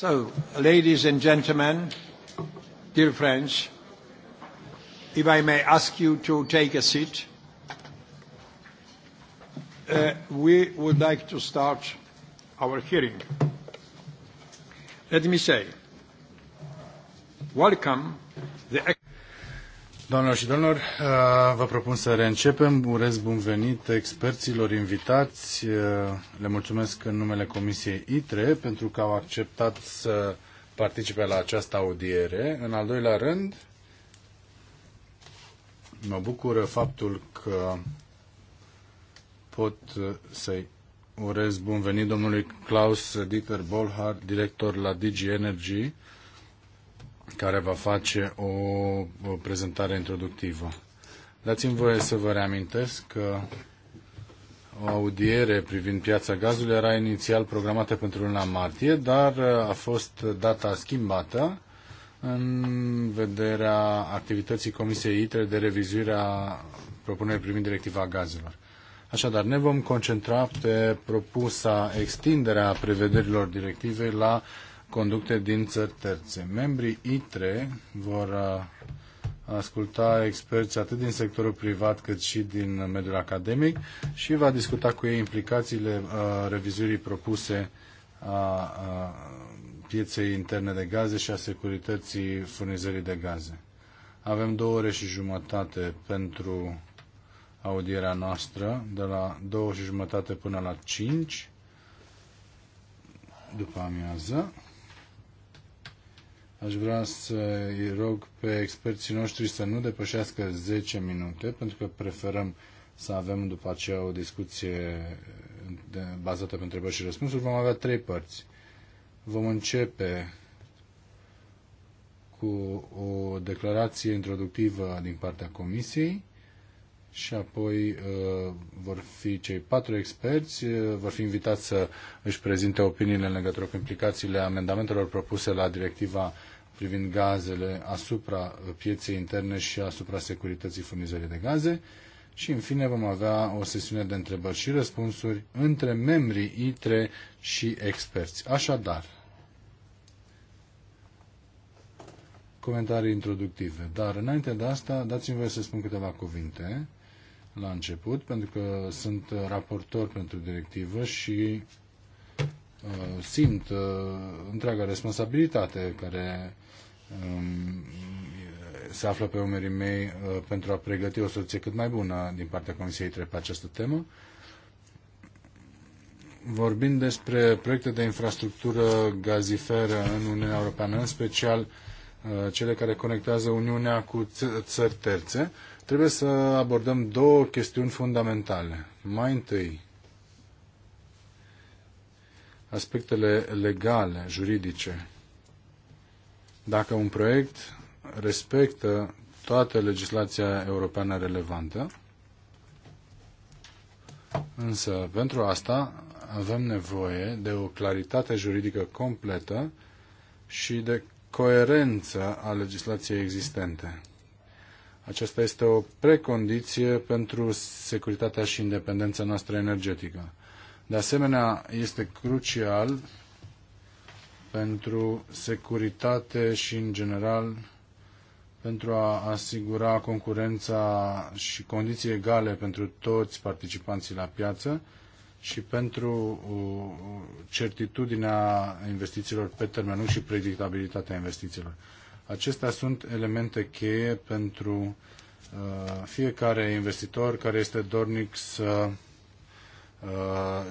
So, ladies and gentlemen, dear friends, if I may ask you to take a seat, uh, we would like to start our hearing. Let me say, welcome Doamnelor și domnilor, uh, vă propun să reîncepem. Urez bun venit experților invitați. Uh, le mulțumesc în numele Comisiei ITRE pentru că au acceptat să participe la această audiere. În al doilea rând, mă bucură faptul că pot să-i urez bun venit domnului Klaus Dieter Bolhard, director la DG Energy, care va face o, prezentare introductivă. Dați-mi voie să vă reamintesc că o audiere privind piața gazului era inițial programată pentru luna martie, dar uh, a fost data schimbată în vederea activității Comisiei ITRE de revizuire a propunerii privind directiva gazelor. Așadar, ne vom concentra pe propusa extinderea prevederilor directivei la conducte din țări terțe. Membrii ITRE vor uh, asculta experți atât din sectorul privat cât și din mediul academic și va discuta cu ei implicațiile uh, revizuirii propuse a pieței interne de gaze și a securității furnizării de gaze. Avem două ore și jumătate pentru audierea noastră, de la două și jumătate până la cinci după amiază. Aș vrea să îi rog pe experții noștri să nu depășească 10 minute, pentru că preferăm să avem după aceea o discuție bazată pe întrebări și răspunsuri. Vom avea trei părți. Vom începe cu o declarație introductivă din partea Comisiei și apoi uh, vor fi cei patru experți, uh, vor fi invitați să își prezinte opiniile în legătură cu implicațiile amendamentelor propuse la directiva privind gazele asupra pieței interne și asupra securității furnizării de gaze. Și, în fine, vom avea o sesiune de întrebări și răspunsuri între membrii ITRE și experți. Așadar, comentarii introductive. Dar, înainte de asta, dați-mi voie să spun câteva cuvinte la început, pentru că sunt raportor pentru directivă și uh, simt uh, întreaga responsabilitate care Um, se află pe umerii mei uh, pentru a pregăti o soluție cât mai bună din partea Comisiei pe această temă. Vorbind despre proiecte de infrastructură gaziferă în Uniunea Europeană, în special uh, cele care conectează Uniunea cu țări terțe, trebuie să abordăm două chestiuni fundamentale. Mai întâi, aspectele legale, juridice, dacă un proiect respectă toată legislația europeană relevantă, însă pentru asta avem nevoie de o claritate juridică completă și de coerență a legislației existente. Aceasta este o precondiție pentru securitatea și independența noastră energetică. De asemenea, este crucial pentru securitate și, în general, pentru a asigura concurența și condiții egale pentru toți participanții la piață și pentru uh, certitudinea investițiilor pe termen lung și predictabilitatea investițiilor. Acestea sunt elemente cheie pentru uh, fiecare investitor care este dornic să uh,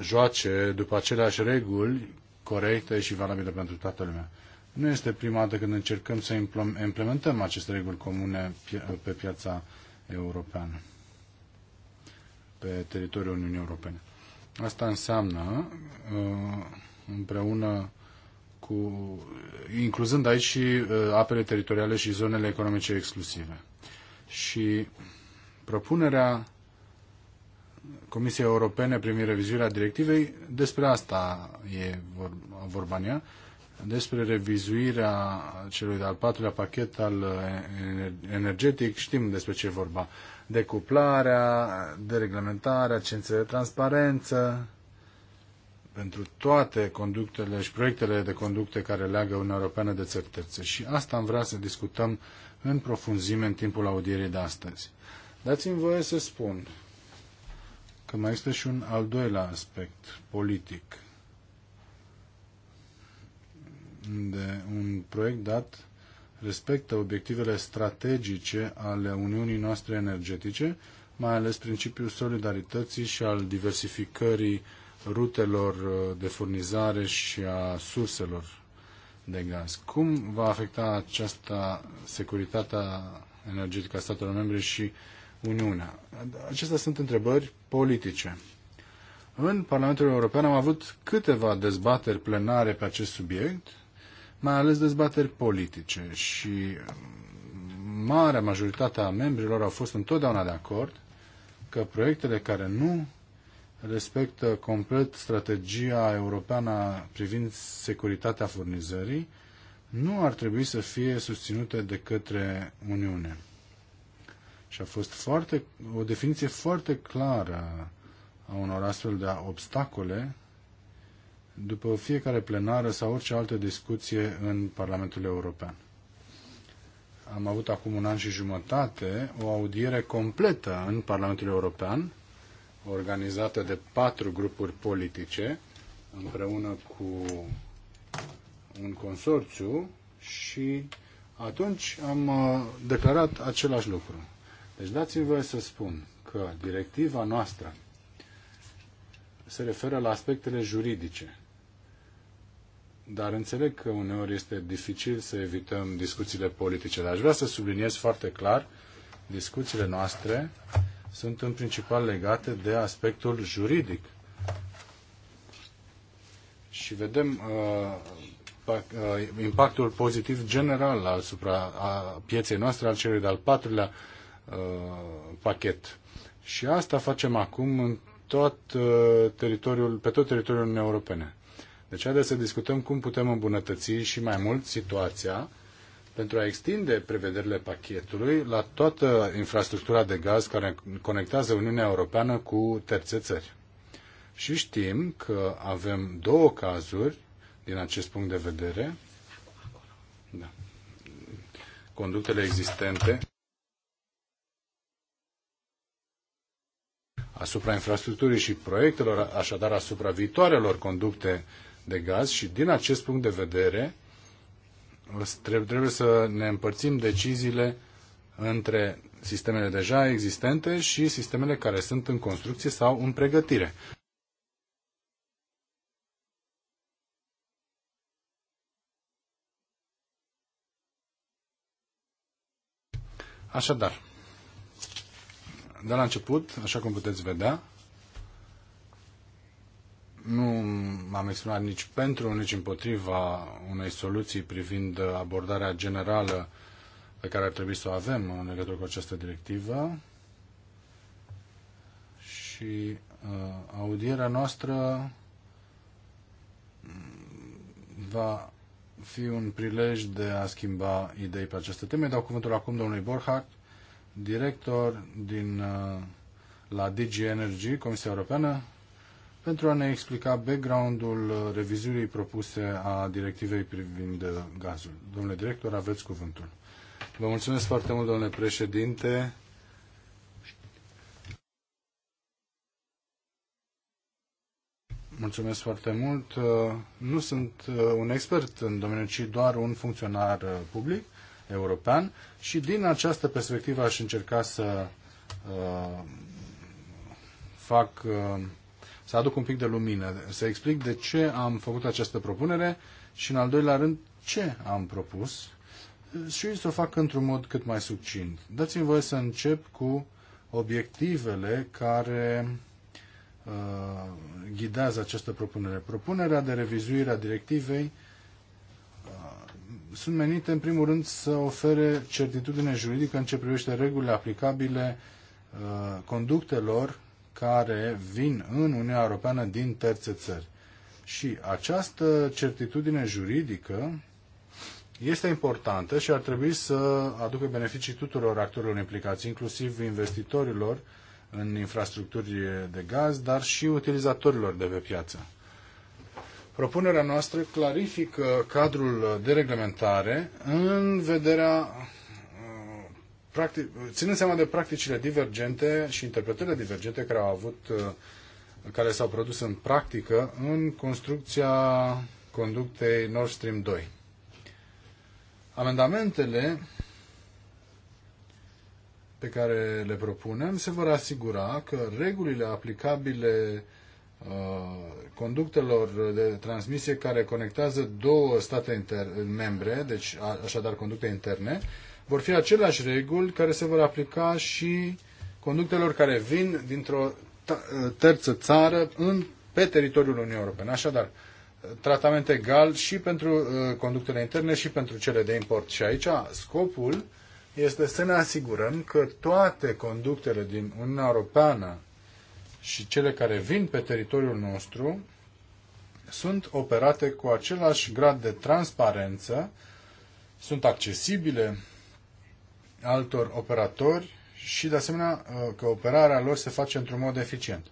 joace după aceleași reguli corectă și valabilă pentru toată lumea. Nu este prima dată când încercăm să implementăm aceste reguli comune pe piața europeană, pe teritoriul Uniunii Europene. Asta înseamnă uh, împreună cu, incluzând aici și uh, apele teritoriale și zonele economice exclusive. Și propunerea Comisiei Europene privind revizuirea directivei, despre asta e vorba în ea, despre revizuirea celui de-al patrulea pachet al eh, energetic, știm despre ce e vorba. Decuplarea, dereglementarea, cerințele de transparență, pentru toate conductele și proiectele de conducte care leagă Uniunea Europeană de țări terțe. Și asta am vrea să discutăm în profunzime în timpul audierii de astăzi. Dați-mi voie să spun că mai este și un al doilea aspect politic de un proiect dat respectă obiectivele strategice ale Uniunii noastre energetice, mai ales principiul solidarității și al diversificării rutelor uh, de furnizare și a surselor de gaz. Cum va afecta aceasta securitatea energetică a statelor membre și uh, Uniunea? Acestea sunt întrebări politice. În Parlamentul European am avut câteva dezbateri plenare pe acest subiect, mai ales dezbateri politice și um, marea majoritate a membrilor au fost întotdeauna de acord că proiectele care nu respectă complet strategia europeană privind securitatea furnizării nu ar trebui să fie susținute de către Uniune. Și a fost foarte, o definiție foarte clară a unor astfel de obstacole după fiecare plenară sau orice altă discuție în Parlamentul European. Am avut acum un an și jumătate o audiere completă în Parlamentul European, organizată de patru grupuri politice, împreună cu un consorțiu și atunci am uh, declarat același lucru. Deci dați-mi voie să spun că directiva noastră se referă la aspectele juridice. Dar înțeleg că uneori este dificil să evităm discuțiile politice. Dar aș vrea să subliniez foarte clar, discuțiile noastre sunt în principal legate de aspectul juridic. Și vedem uh, uh impactul pozitiv general asupra a pieței noastre al celui de-al patrulea uh, Uh, pachet. Și asta facem acum în tot uh, teritoriul, pe tot teritoriul Uniunii Europene. Deci haideți să discutăm cum putem îmbunătăți și mai mult situația pentru a extinde prevederile pachetului la toată infrastructura de gaz care conectează Uniunea Europeană cu terțe țări. Și știm că avem două cazuri din acest punct de vedere. Da. Conductele existente asupra infrastructurii și proiectelor, așadar asupra viitoarelor conducte de gaz și din acest punct de vedere trebuie să ne împărțim deciziile între sistemele deja existente și sistemele care sunt în construcție sau în pregătire. Așadar, de la început, așa cum puteți vedea, nu m-am exprimat nici pentru, nici împotriva unei soluții privind abordarea generală pe care ar trebui să o avem în legătură cu această directivă. Și uh, audierea noastră va fi un prilej de a schimba idei pe aceste teme. Dau cuvântul acum domnului Borchardt director din, uh, la DG Energy, Comisia Europeană, pentru a ne explica background-ul uh, revizuirii propuse a directivei privind uh, gazul. Domnule director, aveți cuvântul. Vă mulțumesc foarte mult, domnule președinte. Mulțumesc foarte mult. Nu sunt un expert în domeniu, ci doar un funcționar public european și din această perspectivă aș încerca să uh, fac uh, să aduc un pic de lumină, să explic de ce am făcut această propunere și în al doilea rând ce am propus și să o fac într-un mod cât mai succint. Dați-mi voie să încep cu obiectivele care uh, ghidează această propunere. Propunerea de revizuire a directivei uh, sunt menite, în primul rând, să ofere certitudine juridică în ce privește regulile aplicabile uh, conductelor care vin în Uniunea Europeană din terțe țări. Și această certitudine juridică este importantă și ar trebui să aducă beneficii tuturor actorilor implicați, inclusiv investitorilor în infrastructuri de gaz, dar și utilizatorilor de pe piață. Propunerea noastră clarifică cadrul de reglementare în vederea uh, practic, ținând seama de practicile divergente și interpretările divergente care au avut uh, care s-au produs în practică în construcția conductei Nord Stream 2. Amendamentele pe care le propunem se vor asigura că regulile aplicabile uh, Uh, conductelor de transmisie care conectează două state membre, deci așadar conducte interne, vor fi aceleași reguli care se vor aplica și conductelor care vin dintr-o uh, terță țară în, pe teritoriul Uniunii Europene. Așadar, tratament egal și pentru uh, conductele interne și pentru cele de import. Și aici scopul este să ne asigurăm că toate conductele din Uniunea Europeană și cele care vin pe teritoriul nostru sunt operate cu același grad de transparență, sunt accesibile altor operatori și, de asemenea, uh, că operarea lor se face într-un mod eficient.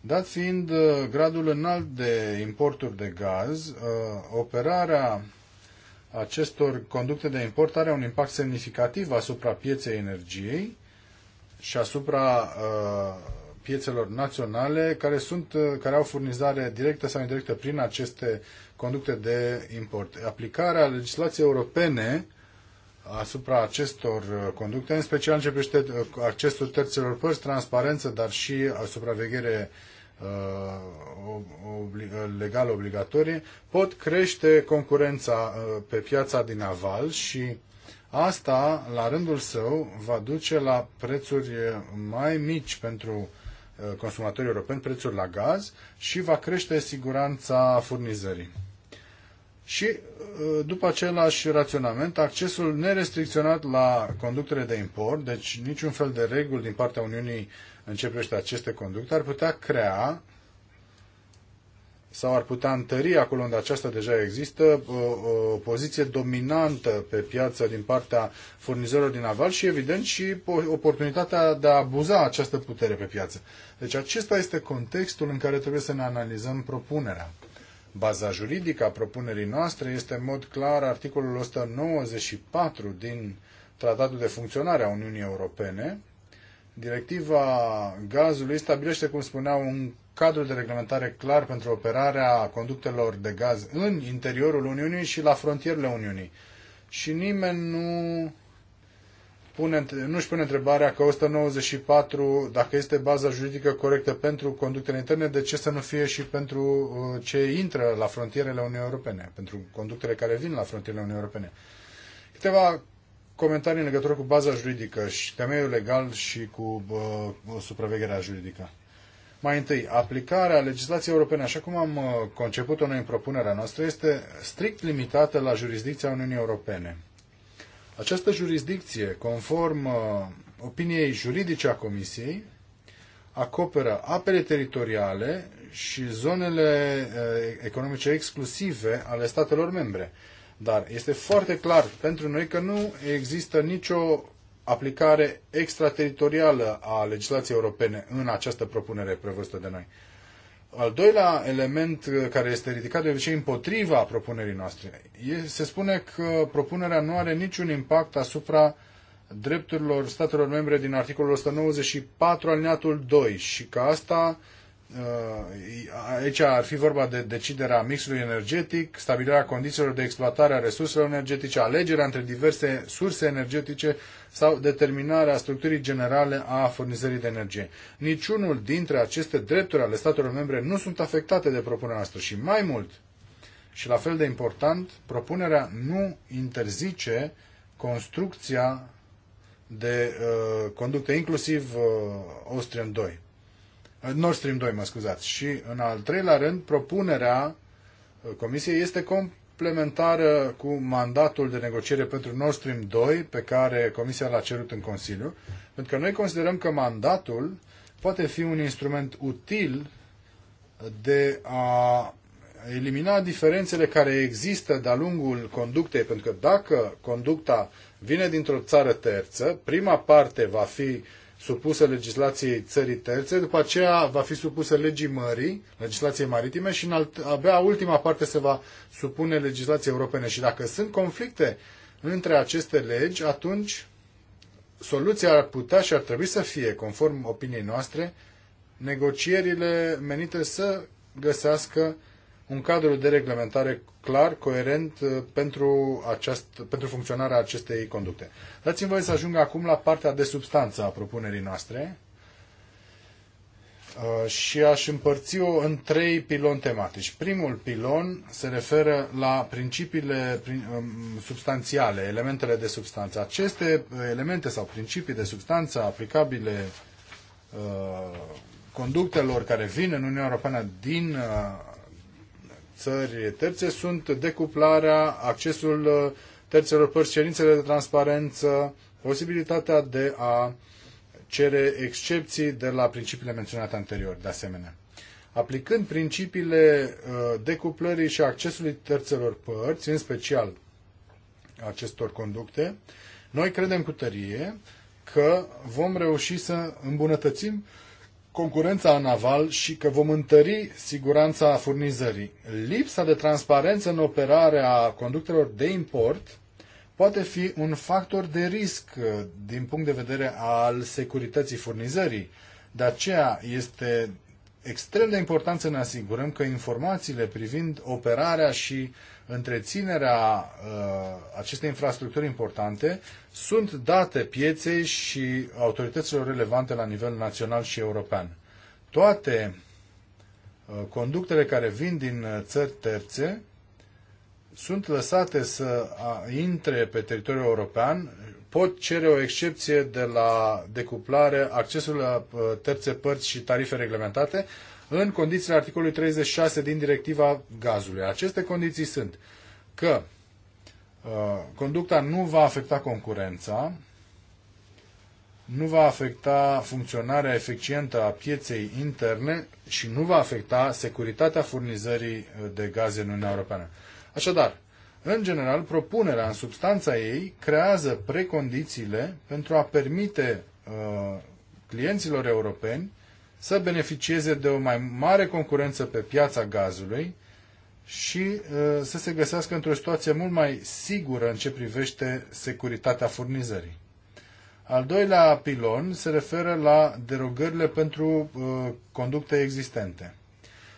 Dat fiind uh, gradul înalt de importuri de gaz, uh, operarea acestor conducte de import are un impact semnificativ asupra pieței energiei și asupra uh, piețelor naționale care, sunt, uh, care au furnizare directă sau indirectă prin aceste conducte de import. Aplicarea legislației europene asupra acestor uh, conducte, în special în ce privește uh, accesul terțelor părți, transparență, dar și supraveghere legal obligatorie, pot crește concurența pe piața din aval și asta, la rândul său, va duce la prețuri mai mici pentru Uh, consumatorii europeni prețuri la gaz și va crește siguranța furnizării. Și uh, după același raționament, accesul nerestricționat la conductele de import, deci niciun fel de reguli din partea Uniunii în ce privește aceste conducte, ar putea crea sau ar putea întări acolo unde aceasta deja există uh, uh, o poziție dominantă pe piață din partea furnizorilor din aval și evident și oportunitatea de a abuza această putere pe piață. Deci acesta este contextul în care trebuie să ne analizăm propunerea. Baza juridică a propunerii noastre este în mod clar articolul 194 din Tratatul de Funcționare a Uniunii Europene. Directiva gazului stabilește, cum spunea, un cadru de reglementare clar pentru operarea conductelor de gaz în interiorul Uniunii și la frontierele Uniunii. Și nimeni nu pune, nu își pune întrebarea că 194, dacă este baza juridică corectă pentru conductele interne, de ce să nu fie și pentru uh, ce intră la frontierele Uniunii Europene, pentru conductele care vin la frontierele Uniunii Europene. Câteva comentarii în legătură cu baza juridică și temeiul legal și cu uh, supravegherea juridică. Mai întâi, aplicarea legislației europene, așa cum am uh, conceput-o noi în propunerea noastră, este strict limitată la jurisdicția Uniunii Europene. Această jurisdicție, conform uh, opiniei juridice a Comisiei, acoperă apele teritoriale și zonele uh, economice exclusive ale statelor membre. Dar este foarte clar pentru noi că nu există nicio aplicare extrateritorială a legislației europene în această propunere prevăzută de noi. Al doilea element uh, care este ridicat de obicei împotriva propunerii noastre, se spune că propunerea nu are niciun impact asupra drepturilor statelor membre din articolul 194 alineatul 2 și că asta Uh, aici ar fi vorba de deciderea mixului energetic, stabilirea condițiilor de exploatare a resurselor energetice, alegerea între diverse surse energetice sau determinarea structurii generale a furnizării de energie. Niciunul dintre aceste drepturi ale statelor membre nu sunt afectate de propunerea noastră și mai mult, și la fel de important, propunerea nu interzice construcția de uh, conducte, inclusiv uh, Austrian 2. Nord Stream 2, mă scuzați. Și în al treilea rând, propunerea uh, Comisiei este complementară cu mandatul de negociere pentru Nord Stream 2 pe care Comisia l-a cerut în Consiliu, pentru că noi considerăm că mandatul poate fi un instrument util de a elimina diferențele care există de-a lungul conductei, pentru că dacă conducta vine dintr-o țară terță, prima parte va fi supusă legislației țării terțe, după aceea va fi supusă legii mării, legislației maritime și în alt, abia ultima parte se va supune legislației europene. Și dacă sunt conflicte între aceste legi, atunci soluția ar putea și ar trebui să fie, conform opiniei noastre, negocierile menite să găsească un cadru de reglementare clar, coerent uh, pentru, aceast, pentru funcționarea acestei conducte. Dați-mi voie să ajung acum la partea de substanță a propunerii noastre uh, și aș împărți-o în trei piloni tematici. Primul pilon se referă la principiile um, substanțiale, elementele de substanță. Aceste uh, elemente sau principii de substanță aplicabile conductelor care vin în Uniunea Europeană din țări terțe sunt decuplarea, accesul uh, terțelor părți, cerințele de transparență, posibilitatea de a cere excepții de la principiile menționate anterior, de asemenea. Aplicând principiile uh, decuplării și accesului terțelor părți, în special acestor conducte, noi credem cu tărie că vom reuși să îmbunătățim concurența naval și că vom întări siguranța furnizării. Lipsa de transparență în operarea conductelor de import poate fi un factor de risc uh, din punct de vedere al securității furnizării. De aceea este extrem de important să ne asigurăm că informațiile privind operarea și întreținerea uh, acestei infrastructuri importante sunt date pieței și autorităților relevante la nivel național și european. Toate uh, conductele care vin din uh, țări terțe sunt lăsate să intre pe teritoriul european, pot cere o excepție de la decuplare, accesul la uh, terțe părți și tarife reglementate în condițiile articolului 36 din directiva gazului. Aceste condiții sunt că Uh, conducta nu va afecta concurența, nu va afecta funcționarea eficientă a pieței interne și nu va afecta securitatea furnizării uh, de gaze în Uniunea Europeană. Așadar, în general, propunerea în substanța ei creează precondițiile pentru a permite uh, clienților europeni să beneficieze de o mai mare concurență pe piața gazului și uh, să se găsească într-o situație mult mai sigură în ce privește securitatea furnizării. Al doilea pilon se referă la derogările pentru uh, conducte existente.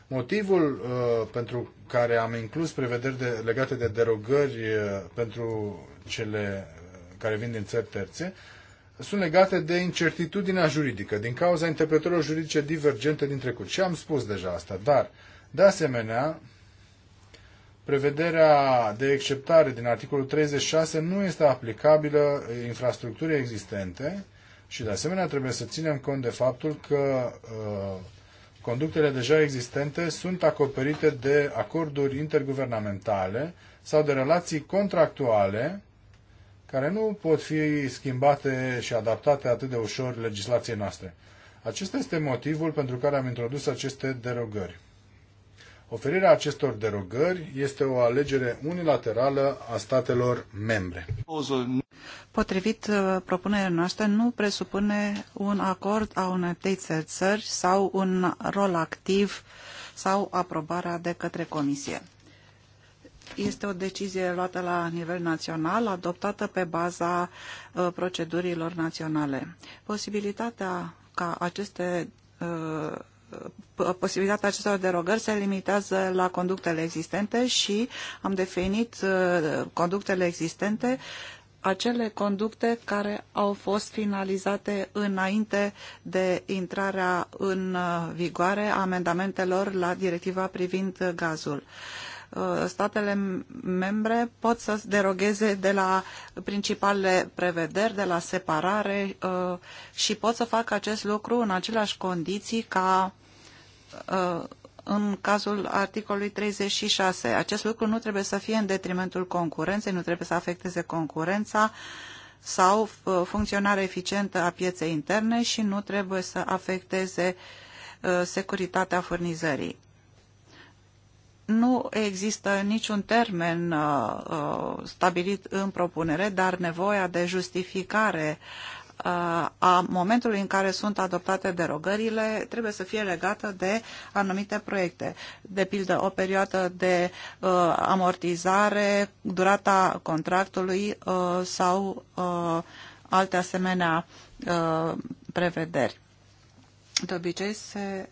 Motivul uh, pentru care am inclus prevederi de, legate de derogări pentru cele care vin din țări terțe sunt legate de incertitudinea juridică, din cauza interpretărilor juridice divergente din trecut. Și am spus deja asta, dar, de asemenea, prevederea de exceptare din articolul 36 nu este aplicabilă infrastructurii existente și de asemenea trebuie să ținem cont de faptul că uh, conductele deja existente sunt acoperite de acorduri interguvernamentale sau de relații contractuale care nu pot fi schimbate și adaptate atât de ușor legislației noastre. Acesta este motivul pentru care am introdus aceste derogări. Oferirea acestor derogări este o alegere unilaterală a statelor membre. Potrivit uh, propunerea noastră, nu presupune un acord a unei terțe țări sau un rol activ sau aprobarea de către Comisie. Este o decizie luată la nivel național, adoptată pe baza uh, procedurilor naționale. Posibilitatea ca aceste uh, posibilitatea acestor derogări se limitează la conductele existente și am definit uh, conductele existente acele conducte care au fost finalizate înainte de intrarea în uh, vigoare a amendamentelor la directiva privind gazul. Uh, Uh, statele membre pot să derogheze de la principalele prevederi, de la separare uh, și pot să facă acest lucru în aceleași condiții ca uh, în cazul articolului 36. Acest lucru nu trebuie să fie în detrimentul concurenței, nu trebuie să afecteze concurența sau funcționarea eficientă a pieței interne și nu trebuie să afecteze securitatea furnizării nu există niciun termen uh, uh, stabilit în propunere, dar nevoia de justificare uh, a momentului în care sunt adoptate derogările trebuie să fie legată de anumite proiecte. De pildă, o perioadă de uh, amortizare, durata contractului uh, sau uh, alte asemenea prevederi. De obicei se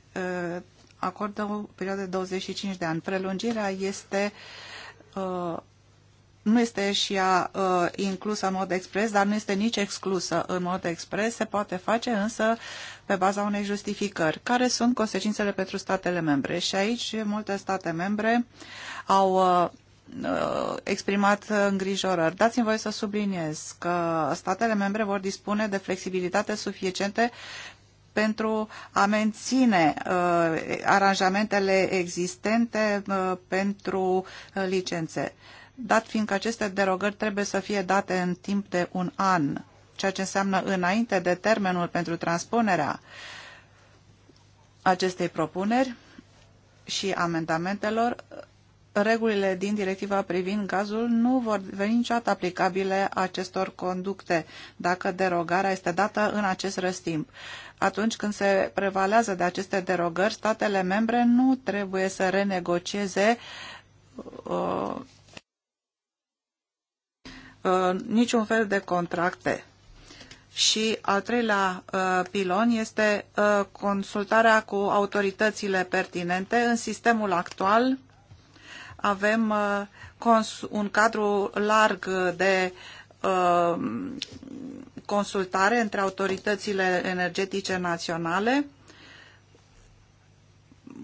acordă o perioadă de 25 de ani. Prelungirea este uh, nu este și ea uh, inclusă în mod expres, dar nu este nici exclusă în mod expres, se poate face însă pe baza unei justificări. Care sunt consecințele pentru statele membre? Și aici multe state membre au uh, uh exprimat îngrijorări. Dați-mi voie să subliniez că statele membre vor dispune de flexibilitate suficiente pentru a menține uh, aranjamentele existente uh, pentru uh, licențe. Dat fiindcă aceste derogări trebuie să fie date în timp de un an, ceea ce înseamnă înainte de termenul pentru transpunerea acestei propuneri și amendamentelor, regulile din directiva privind gazul nu vor veni niciodată aplicabile acestor conducte dacă derogarea este dată în acest răstimp atunci când se prevalează de aceste derogări, statele membre nu trebuie să renegocieze uh, uh, niciun fel de contracte. Și al treilea uh, pilon este uh, consultarea cu autoritățile pertinente. În sistemul actual avem uh, un cadru larg de uh, consultare între autoritățile energetice naționale,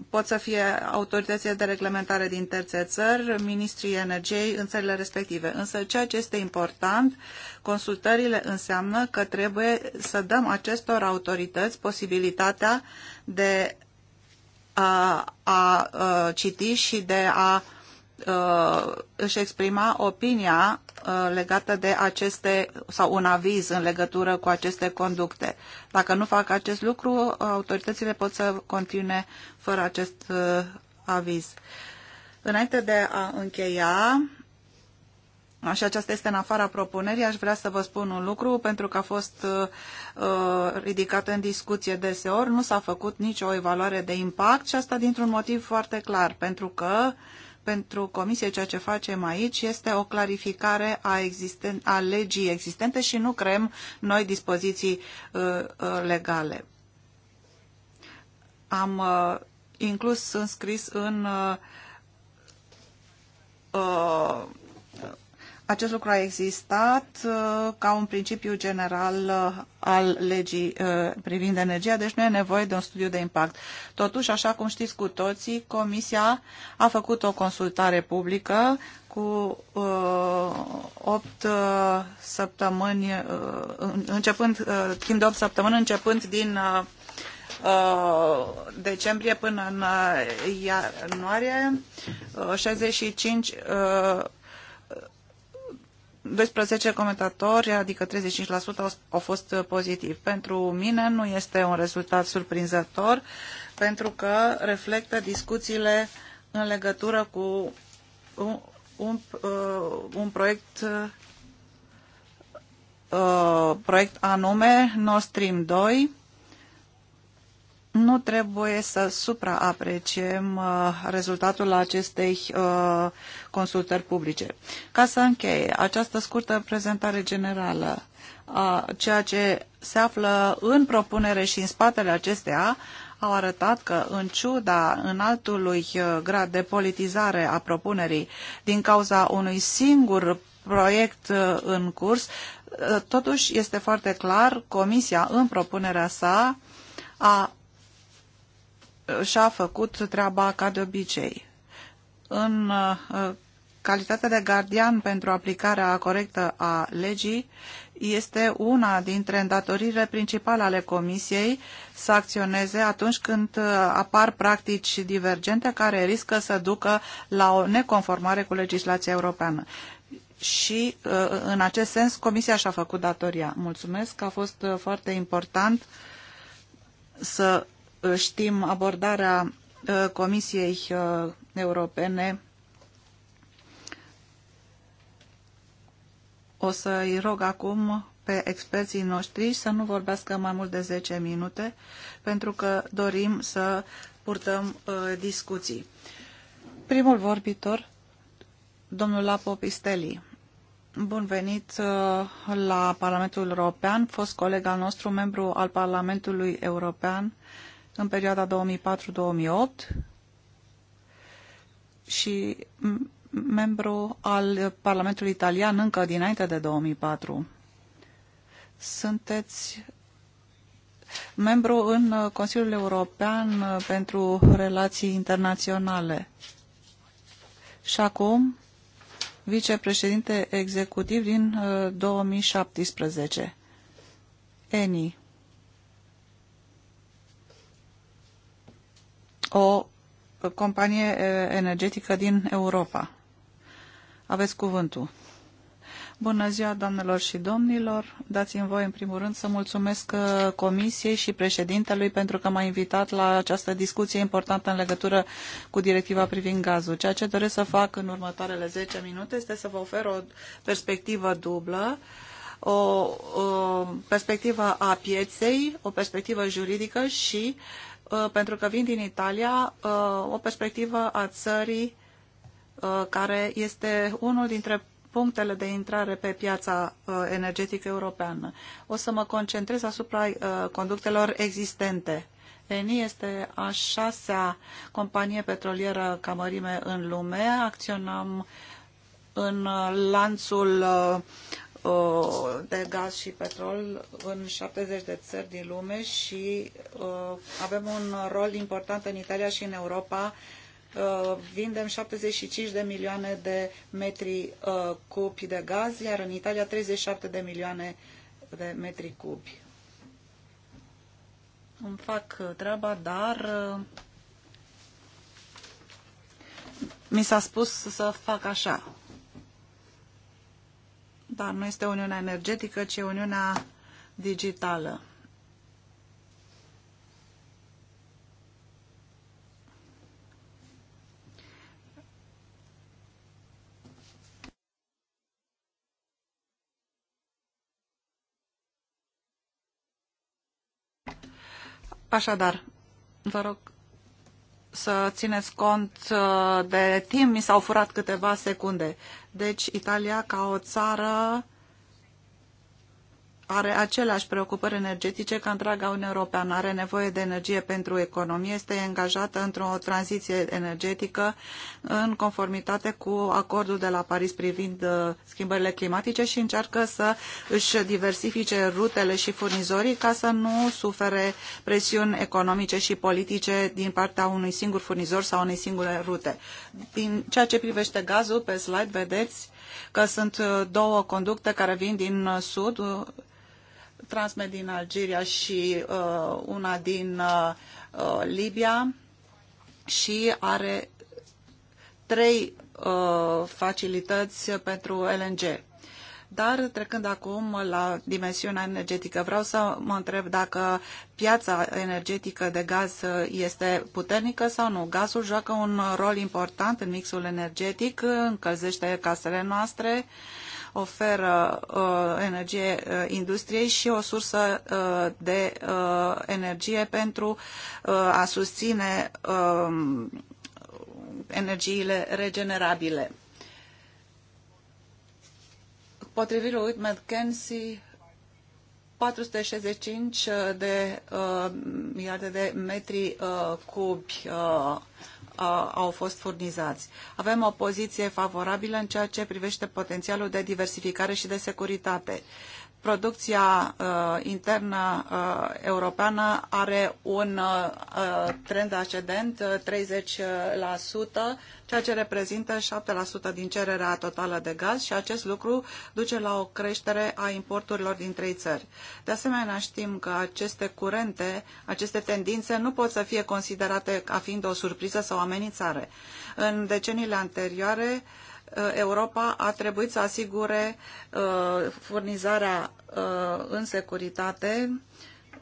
pot să fie autoritățile de reglementare din terțe țări, ministrii energiei în țările respective. Însă ceea ce este important, consultările înseamnă că trebuie să dăm acestor autorități posibilitatea de a, a, a citi și de a Uh, își exprima opinia uh, legată de aceste, sau un aviz în legătură cu aceste conducte. Dacă nu fac acest lucru, autoritățile pot să continue fără acest uh, aviz. Înainte de a încheia, și aceasta este în afara propunerii, aș vrea să vă spun un lucru, pentru că a fost ridicată în discuție deseori, nu s-a făcut nicio evaluare de impact și asta dintr-un motiv foarte clar, pentru că pentru Comisie ceea ce facem aici este o clarificare a, existen, a legii existente și nu creăm noi dispoziții uh, uh legale. Am uh, inclus înscris în uh, uh, acest lucru a existat uh, ca un principiu general uh, al legii uh, privind energia, deci nu e nevoie de un studiu de impact. Totuși, așa cum știți cu toții, Comisia a făcut o consultare publică cu opt săptămâni, începând, timp de 8 săptămâni, începând din decembrie până în ianuarie, 65 12 comentatori, adică 35%, au fost pozitivi. Pentru mine nu este un rezultat surprinzător, pentru că reflectă discuțiile în legătură cu un, un, uh, un proiect uh, proiect anume Nord Stream 2 nu trebuie să supraapreciem uh, rezultatul acestei uh, consultări publice. Ca să încheie această scurtă prezentare generală a ceea ce se află în propunere și în spatele acesteia, au arătat că, în ciuda înaltului uh, grad de politizare a propunerii din cauza unui singur proiect în curs, totuși este foarte clar, Comisia, în propunerea sa, a și-a făcut treaba ca de obicei. În uh, calitatea de gardian pentru aplicarea corectă a legii este una dintre îndatoririle principale ale Comisiei să acționeze atunci când uh, apar practici divergente care riscă să ducă la o neconformare cu legislația europeană. Și uh, în acest sens Comisia și-a făcut datoria. Mulțumesc, a fost foarte important să știm abordarea uh, Comisiei uh, Europene O să-i rog acum pe experții noștri să nu vorbească mai mult de 10 minute, pentru că dorim să purtăm uh, discuții. Primul vorbitor, domnul Lapo Pistelli. Bun venit la Parlamentul European, fost colega nostru, membru al Parlamentului European în perioada 2004-2008 și membru al Parlamentului Italian încă dinainte de 2004. Sunteți membru în Consiliul European pentru Relații Internaționale și acum vicepreședinte executiv din 2017. Uh, ENI o companie energetică din Europa. Aveți cuvântul. Bună ziua, doamnelor și domnilor! Dați-mi voi, în primul rând, să mulțumesc Comisiei și președintelui pentru că m-a invitat la această discuție importantă în legătură cu directiva privind gazul. Ceea ce doresc să fac în următoarele 10 minute este să vă ofer o perspectivă dublă, o, o perspectivă a pieței, o perspectivă juridică și uh, Uh, pentru că vin din Italia, uh, o perspectivă a țării uh, care este unul dintre punctele de intrare pe piața energetică europeană. O să mă concentrez asupra conductelor existente. Eni este a șasea companie petrolieră ca mărime în lume. Acționam în lanțul Uh, de gaz și petrol în 70 de țări din lume și uh, avem un rol important în Italia și în Europa. Uh, vindem 75 de milioane de metri cubi de gaz, iar în Italia 37 de milioane de metri cubi. Îmi fac treaba, dar mi s-a spus să fac așa. Dar nu este Uniunea Energetică, ci Uniunea Digitală. Așadar, vă rog să țineți cont uh, de timp. Mi s-au furat câteva secunde. Deci Italia ca o țară are aceleași preocupări energetice ca întreaga Uniunea Europeană, are nevoie de energie pentru economie, este angajată într-o tranziție energetică în conformitate cu acordul de la Paris privind uh, schimbările climatice și încearcă să își diversifice rutele și furnizorii ca să nu sufere presiuni economice și politice din partea unui singur furnizor sau unei singure rute. Din ceea ce privește gazul, pe slide vedeți că sunt uh, două conducte care vin din uh, sud, uh, Transmed din Algeria și uh, una din uh, Libia și are trei uh, facilități pentru LNG. Dar trecând acum la dimensiunea energetică, vreau să mă întreb dacă piața energetică de gaz este puternică sau nu. Gazul joacă un rol important în mixul energetic, încălzește casele noastre, oferă uh, energie uh, industriei și o sursă uh, de uh, energie pentru uh, a susține uh, energiile regenerabile. Potrivit lui McKenzie, 465 de uh, miliarde de metri uh, cubi uh, uh, au fost furnizați. Avem o poziție favorabilă în ceea ce privește potențialul de diversificare și de securitate. Uh, producția uh, internă uh, europeană are un uh, uh trend ascendent, 30%, uh, ceea ce reprezintă 7% din cererea totală de gaz și acest lucru duce la o creștere a importurilor din trei țări. De asemenea, știm că aceste curente, aceste tendințe nu pot să fie considerate ca fiind o surpriză sau o amenințare. În deceniile anterioare, uh, Uh, Europa a trebuit să asigure uh, furnizarea uh, în securitate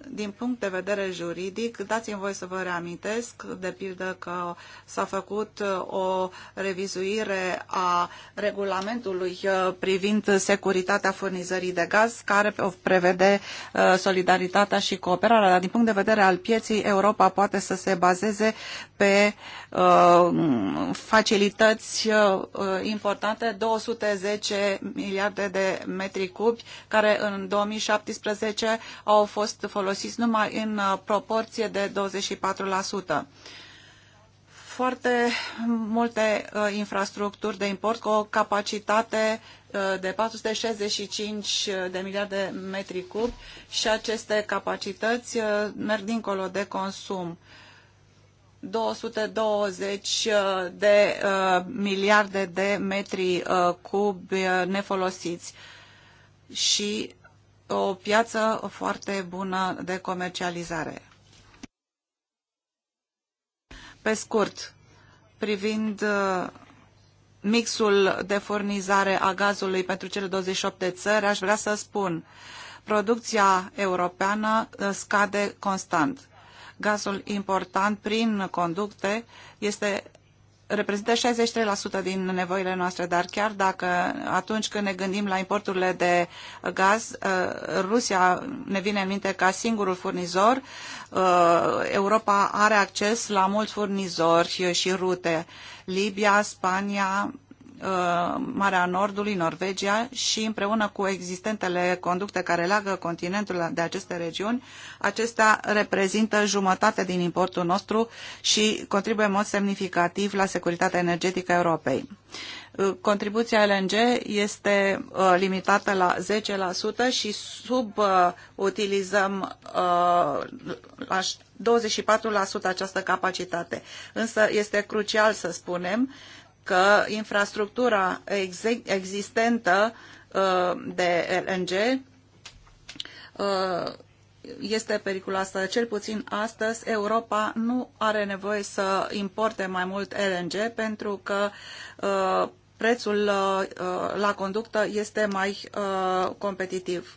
din punct de vedere juridic, dați-mi voie să vă reamintesc, de pildă că s-a făcut o revizuire a regulamentului privind securitatea furnizării de gaz, care prevede solidaritatea și cooperarea, dar din punct de vedere al pieții, Europa poate să se bazeze pe Uh, facilități uh, uh, importante, 210 miliarde de metri cubi, care în 2017 au fost folosiți numai în proporție de 24% foarte multe uh, infrastructuri de import cu o capacitate uh, de 465 de miliarde de metri cubi și aceste capacități uh, merg dincolo de consum. 220 uh, de uh, miliarde de metri uh, cubi uh, nefolosiți și o piață foarte bună de comercializare. Pe scurt, privind uh, mixul de furnizare a gazului pentru cele 28 de țări, aș vrea să spun, producția europeană uh, scade constant Gazul important prin conducte este reprezintă 63% din nevoile noastre, dar chiar dacă atunci când ne gândim la importurile de gaz, uh, Rusia ne vine în minte ca singurul furnizor, uh, Europa are acces la mulți furnizori și rute. Libia, Spania, Uh, Marea Nordului, Norvegia și împreună cu existentele conducte care leagă continentul de aceste regiuni, acestea reprezintă jumătate din importul nostru și contribuie în mod semnificativ la securitatea energetică a Europei. Uh, contribuția LNG este uh, limitată la 10% și subutilizăm la 24% această capacitate. Însă este crucial să spunem că infrastructura existentă uh, de LNG uh, este periculoasă. Cel puțin astăzi Europa nu are nevoie să importe mai mult LNG pentru că uh, prețul la conductă este mai competitiv.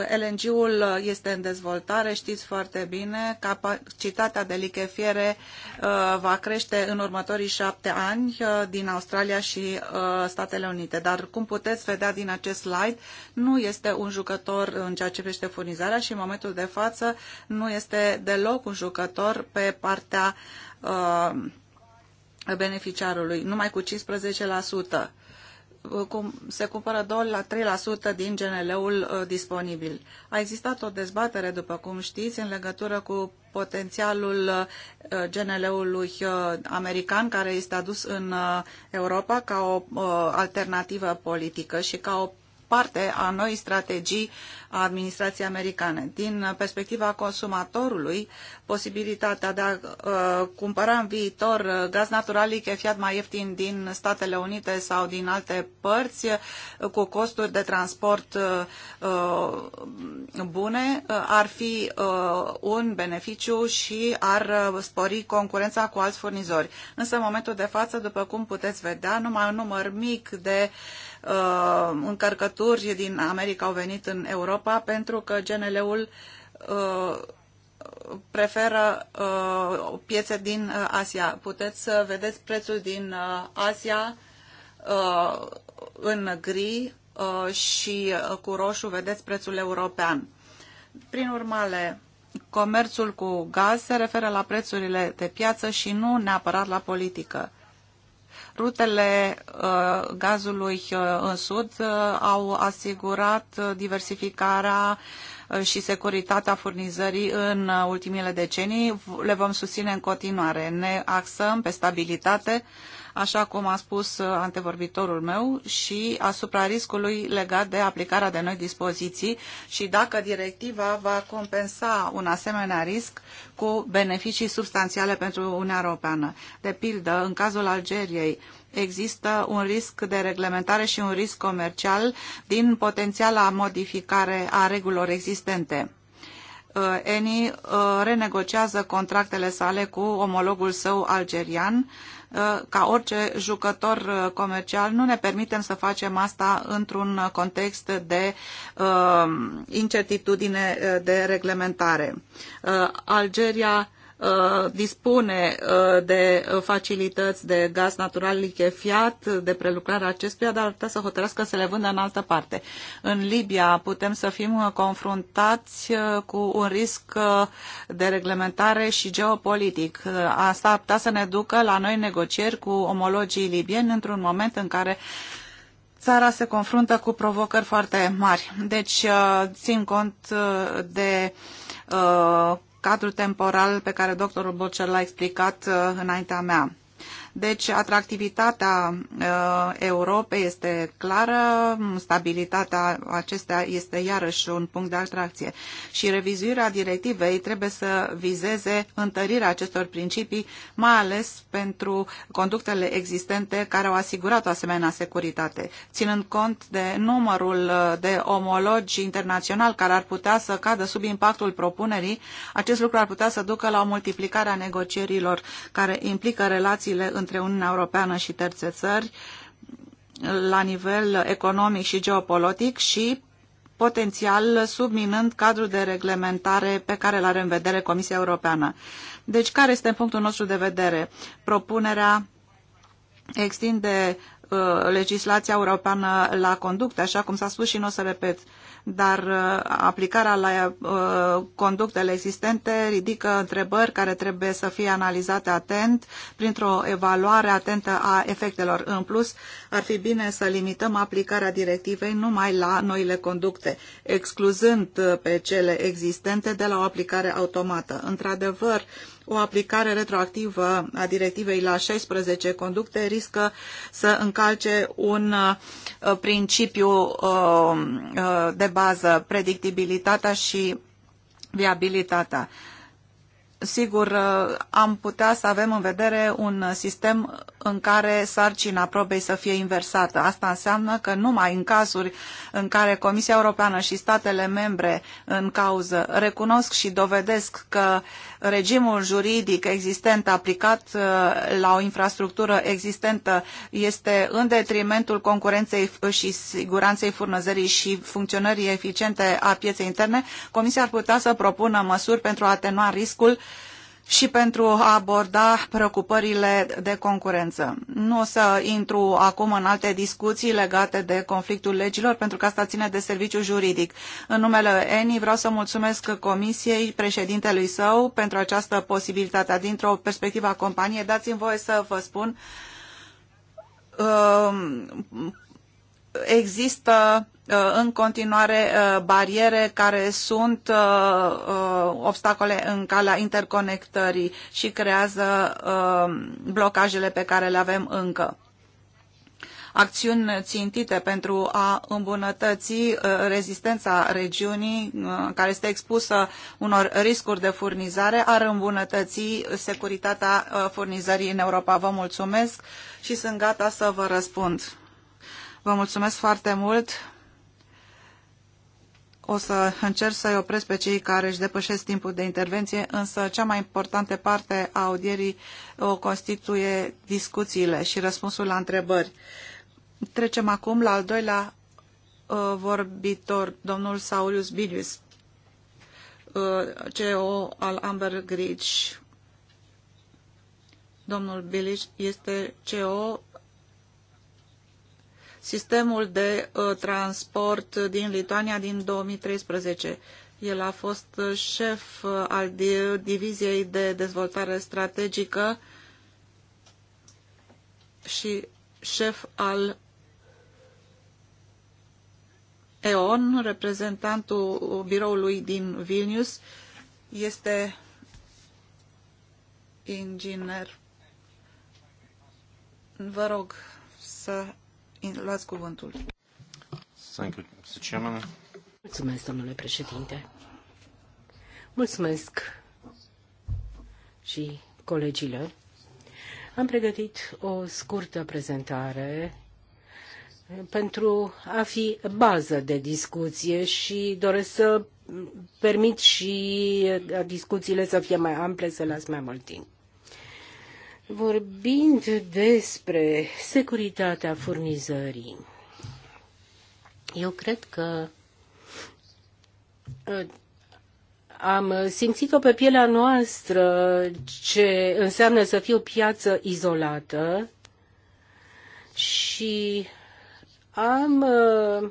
LNG-ul uh, este în dezvoltare, știți foarte bine, capacitatea de lichefiere uh, va crește în următorii șapte ani uh, din Australia și Statele Unite. Dar cum puteți vedea din acest slide, nu este un jucător în ceea ce privește furnizarea și în momentul de față nu este deloc un jucător pe partea beneficiarului, numai cu 15% se cumpără 2 la 3% din GNL-ul uh, disponibil. A existat o dezbatere, după cum știți, în legătură cu potențialul uh, GNL-ului uh, american care este adus în Europa ca o alternativă politică și ca o parte a noii strategii a administrației americane. Din perspectiva consumatorului, posibilitatea de a uh, cumpăra în viitor uh, gaz natural lichefiat mai ieftin din Statele Unite sau din alte părți uh, cu costuri de transport uh, uh bune ar fi uh, un beneficiu și ar spori concurența cu alți furnizori. Însă, în momentul de față, după cum puteți vedea, numai un număr mic de uh, uh, încărcături din America au venit în Europa pentru că GNL-ul uh, preferă uh, piețe din uh, Asia. Puteți să vedeți prețul din uh, Asia uh, în gri uh, și uh, cu roșu vedeți prețul european. Prin urmare, comerțul cu gaz se referă la prețurile de piață și nu neapărat la politică. Rutele uh, gazului uh, în sud uh, au asigurat diversificarea și securitatea furnizării în ultimile decenii. Le vom susține în continuare. Ne axăm pe stabilitate, așa cum a spus uh, antevorbitorul meu, și asupra riscului legat de aplicarea de noi dispoziții și dacă directiva va compensa un asemenea risc cu beneficii substanțiale pentru Uniunea Europeană. De pildă, în cazul Algeriei, există un risc de reglementare și un risc comercial din potențiala modificare a regulilor existente. Uh, ENI uh, renegociază contractele sale cu omologul său algerian Uh, ca orice jucător uh, comercial, nu ne permitem să facem asta într-un context de uh, incertitudine de reglementare. Algeria Uh, dispune uh, de facilități de gaz natural lichefiat, de prelucrarea acestuia, dar ar putea să hotărească să le vândă în altă parte. În Libia putem să fim confruntați uh, cu un risc de reglementare și geopolitic. Asta ar putea să ne ducă la noi negocieri cu omologii libieni într-un moment în care țara se confruntă cu provocări foarte mari. Deci, țin cont de cadru temporal pe care doctorul Bocel l-a explicat uh, înaintea mea. Deci atractivitatea uh, Europei este clară, stabilitatea acestea este iarăși un punct de atracție și revizuirea directivei trebuie să vizeze întărirea acestor principii, mai ales pentru conductele existente care au asigurat o asemenea securitate, ținând cont de numărul uh, de omologi internațional care ar putea să cadă sub impactul propunerii, acest lucru ar putea să ducă la o multiplicare a negocierilor care implică relațiile între între Uniunea Europeană și terțe țări la nivel economic și geopolitic și potențial subminând cadrul de reglementare pe care îl are în vedere Comisia Europeană. Deci, care este în punctul nostru de vedere? Propunerea extinde uh, legislația europeană la conducte, așa cum s-a spus și nu o să repet. Uh, dar uh, aplicarea la uh, conductele existente ridică întrebări care trebuie să fie analizate atent printr-o evaluare atentă a efectelor. În plus, ar fi bine să limităm aplicarea directivei numai la noile conducte, excluzând uh, pe cele existente de la o aplicare automată. Într-adevăr, o aplicare retroactivă a directivei la 16 conducte riscă să încalce un uh, principiu uh, uh, de bază, predictibilitatea și viabilitatea. Sigur, uh, am putea să avem în vedere un sistem în care sarcina probei să fie inversată. Asta înseamnă că numai în cazuri în care Comisia Europeană și statele membre în cauză recunosc și dovedesc că regimul juridic existent aplicat uh, la o infrastructură existentă este în detrimentul concurenței și siguranței furnăzării și funcționării eficiente a pieței interne, Comisia ar putea să propună măsuri pentru a atenua riscul și pentru a aborda preocupările de concurență. Nu o să intru acum în alte discuții legate de conflictul legilor, pentru că asta ține de serviciu juridic. În numele ENI vreau să mulțumesc Comisiei, președintelui său, pentru această posibilitate. Dintr-o perspectivă a companiei, dați-mi voie să vă spun uh, există uh, în continuare uh, bariere care sunt uh, obstacole în calea interconectării și creează blocajele pe care le avem încă acțiuni țintite pentru a îmbunătăți rezistența regiunii care este expusă unor riscuri de furnizare ar îmbunătăți securitatea furnizării în Europa. Vă mulțumesc și sunt gata să vă răspund. Vă mulțumesc foarte mult. O să încerc să-i opresc pe cei care își depășesc timpul de intervenție, însă cea mai importantă parte a audierii o constituie discuțiile și răspunsul la întrebări. Trecem acum la al doilea uh, vorbitor, domnul Saurius Bilius, uh, CEO al Amber Gridge. Domnul Bilic este CEO sistemul de uh, transport din Lituania din 2013. El a fost uh, șef uh, al Diviziei de Dezvoltare Strategică și șef al EON, reprezentantul biroului din Vilnius, este inginer. Vă rog să luați cuvântul. Mulțumesc, domnule președinte. Mulțumesc și colegilor. Am pregătit o scurtă prezentare pentru a fi bază de discuție și doresc să permit și discuțiile să fie mai ample, să las mai mult timp. Vorbind despre securitatea furnizării, eu cred că uh, am simțit-o pe pielea noastră ce înseamnă să fie o piață izolată și am uh,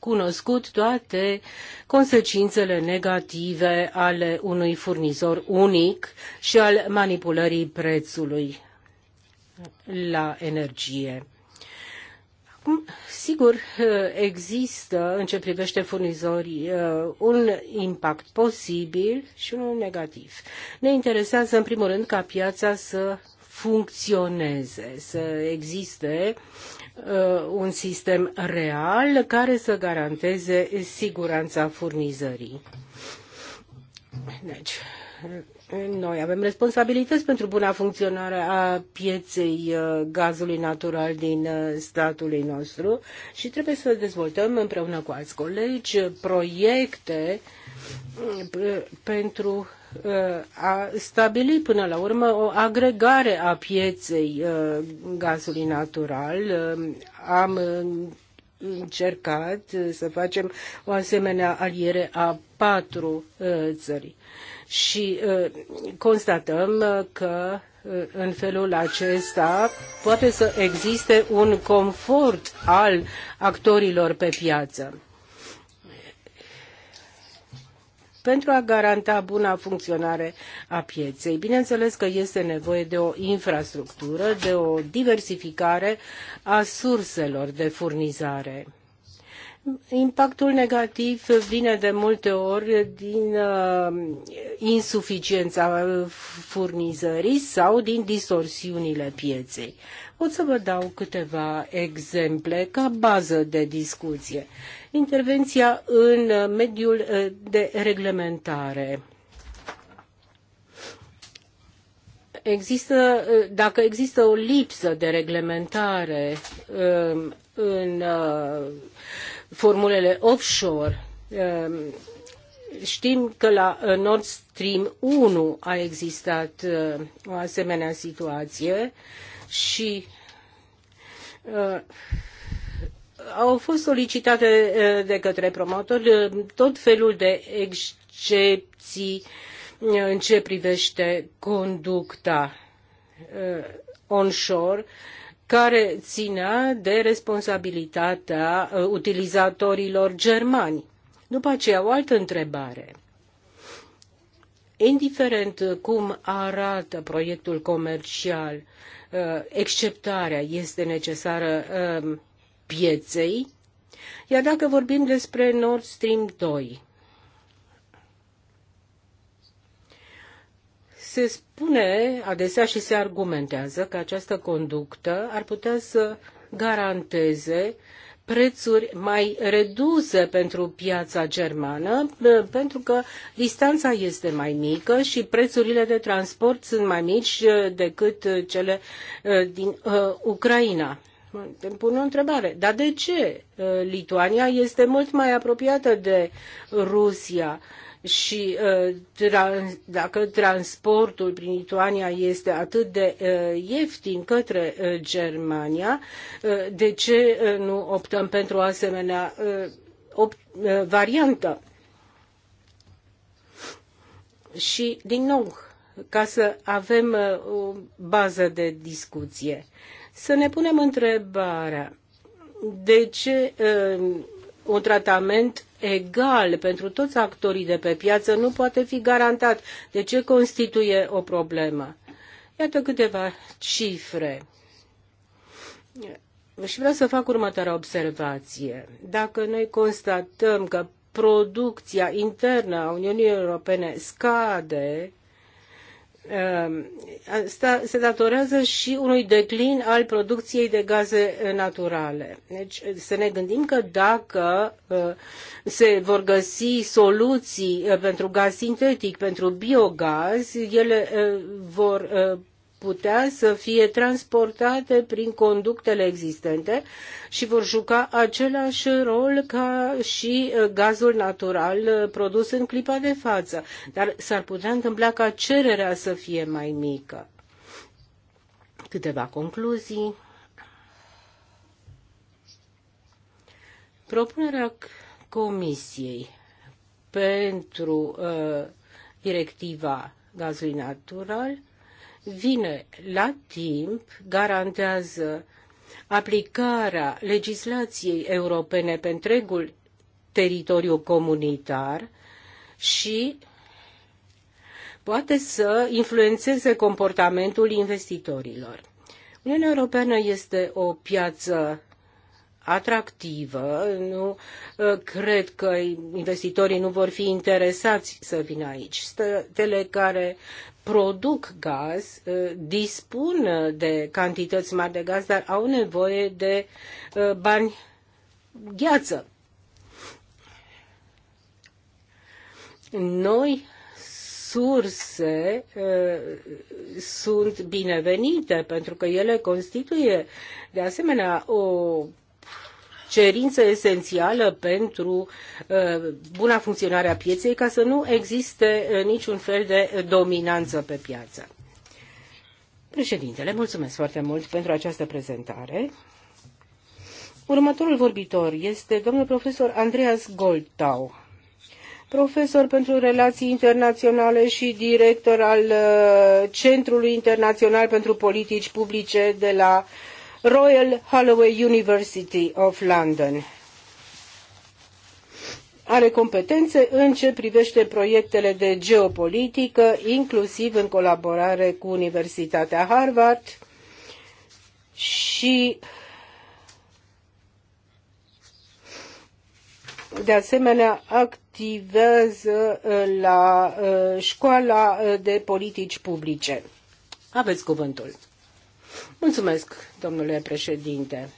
cunoscut toate consecințele negative ale unui furnizor unic și al manipulării prețului la energie. sigur, există, în ce privește furnizorii, uh, un impact posibil și unul negativ. Ne interesează, în primul rând, ca piața să funcționeze, să existe uh, un sistem real care să garanteze siguranța furnizării. Deci, noi avem responsabilități pentru buna funcționare a pieței uh, gazului natural din uh, statul nostru și trebuie să dezvoltăm împreună cu alți colegi proiecte uh, pentru Uh, a stabili până la urmă o agregare a pieței uh, gazului natural. Uh, am încercat să facem o asemenea aliere a patru țări și constatăm că în felul acesta poate să existe un confort al actorilor pe piață. pentru a garanta buna funcționare a pieței. Bineînțeles că este nevoie de o infrastructură, de o diversificare a surselor de furnizare. Impactul negativ vine de multe ori din uh, insuficiența furnizării sau din distorsiunile pieței. Pot să vă dau câteva exemple ca bază de discuție intervenția în uh, mediul uh, de reglementare. Există, uh, dacă există o lipsă de reglementare um, în formulele offshore, um, știm că la Nord Stream 1 a existat o asemenea situație și au fost solicitate eh, de către promotori eh, tot felul de excepții eh, în ce privește conducta onshore care ținea de responsabilitatea utilizatorilor germani. După aceea, o altă întrebare. Indiferent cum arată proiectul comercial, exceptarea este necesară pieței. Iar dacă vorbim despre Nord Stream 2, se spune adesea și se argumentează că această conductă ar putea să garanteze prețuri mai reduse pentru piața germană, pentru că distanța este mai mică și prețurile de transport sunt mai mici eh, decât eh, cele eh, din Ucraina. Îmi pun o întrebare. Dar de ce uh, Lituania este mult mai apropiată de Rusia? și uh, dacă transportul prin Lituania este atât de uh, ieftin către Germania, de ce nu optăm pentru o asemenea variantă? Și, din nou, ca să avem o bază de discuție. Uh, să ne punem întrebarea de ce uh, un tratament egal pentru toți actorii de pe piață nu poate fi garantat. De ce constituie o problemă? Iată câteva cifre. Și vreau să fac următoarea observație. Dacă noi constatăm că producția internă a Uniunii Europene scade, Um, asta se datorează și unui declin al producției de gaze naturale. Deci să ne gândim că dacă uh, se vor găsi soluții uh, pentru gaz sintetic, pentru biogaz, ele uh, vor putea să fie transportate prin conductele existente și vor juca același rol ca și uh, gazul natural uh, produs în clipa de față, dar s-ar putea întâmpla ca cererea să fie mai mică. Câteva concluzii. Propunerea Comisiei pentru uh, directiva gazului natural vine la timp, garantează aplicarea legislației europene pe întregul teritoriu comunitar și poate să influențeze comportamentul investitorilor. Uniunea Europeană este o piață atractivă, nu ă, cred că investitorii nu vor fi interesați să vină aici. Statele care produc gaz, uh, dispun uh, de cantități mari de gaz, dar au nevoie de uh, bani gheață. Noi surse sunt binevenite pentru că ele constituie de asemenea o cerință esențială pentru uh, buna funcționare a pieței ca să nu existe uh, niciun fel de dominanță pe piață. Președintele, mulțumesc foarte mult pentru această prezentare. Următorul vorbitor este domnul profesor Andreas Goldtau, profesor pentru relații internaționale și director al uh, Centrului Internațional pentru Politici Publice de la Royal Holloway University of London. Are competențe în ce privește proiectele de geopolitică, inclusiv în colaborare cu Universitatea Harvard și de asemenea activează uh, la uh, școala uh, de politici publice. Aveți cuvântul. Mulțumesc, domnule președinte.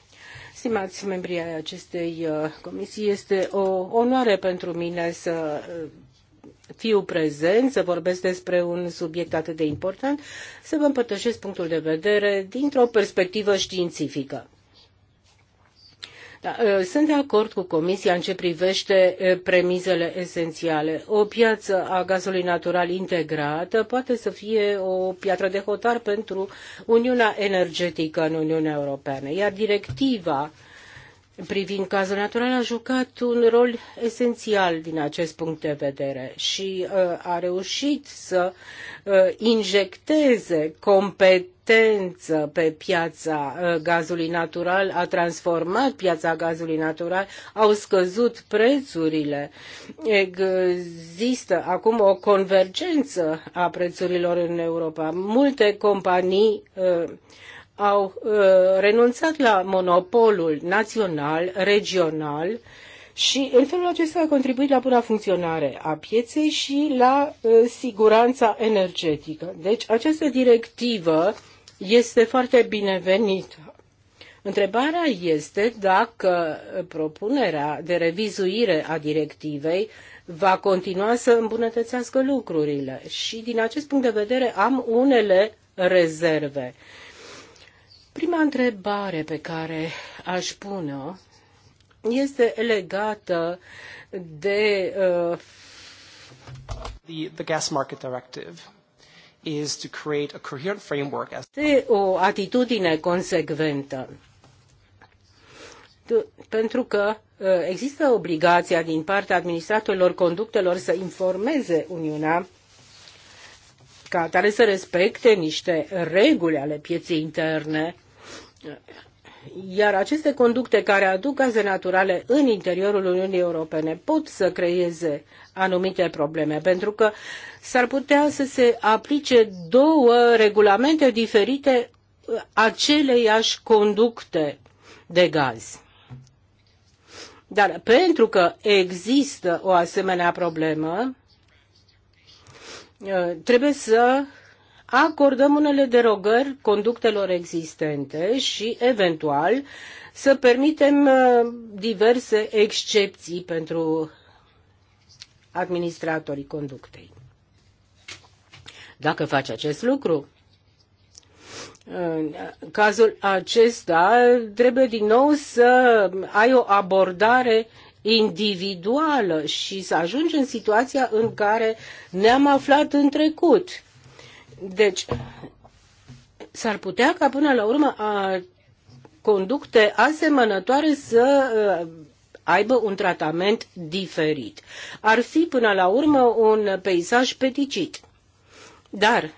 Stimați membrii ai acestei uh, comisii, este o onoare pentru mine să uh, fiu prezent, să vorbesc despre un subiect atât de important, să vă împărtășesc punctul de vedere dintr-o perspectivă științifică. Da, ă, sunt de acord cu Comisia în ce privește ă, premizele esențiale. O piață a gazului natural integrată poate să fie o piatră de hotar pentru Uniunea Energetică în Uniunea Europeană, iar directiva privind gazul natural a jucat un rol esențial din acest punct de vedere și ă, a reușit să injecteze competențe competență pe piața uh, gazului natural, a transformat piața gazului natural, au scăzut prețurile. Există acum o convergență a prețurilor în Europa. Multe companii uh, au uh, renunțat la monopolul național, regional, și în felul acesta a contribuit la buna funcționare a pieței și la uh, siguranța energetică. Deci această directivă este foarte binevenită. Întrebarea este dacă propunerea de revizuire a directivei va continua să îmbunătățească lucrurile și din acest punct de vedere am unele rezerve. Prima întrebare pe care aș pune-o este legată de uh, the, the gas market directive is to create a coherent framework as o atitudine consecventă. Pentru că uh, există obligația din partea administratorilor conductelor să informeze Uniunea ca atare să respecte niște reguli ale pieței interne iar aceste conducte care aduc gaze naturale în interiorul Uniunii Europene pot să creeze anumite probleme, pentru că s-ar putea să se aplice două regulamente diferite aceleiași conducte de gaz. Dar pentru că există o asemenea problemă, trebuie să acordăm unele derogări conductelor existente și, eventual, să permitem uh, diverse excepții pentru administratorii conductei. Dacă faci acest lucru, în cazul acesta trebuie din nou să ai o abordare individuală și să ajungi în situația în care ne-am aflat în trecut deci, s-ar putea ca până la urmă a conducte asemănătoare să uh, aibă un tratament diferit. Ar fi până la urmă un peisaj peticit. Dar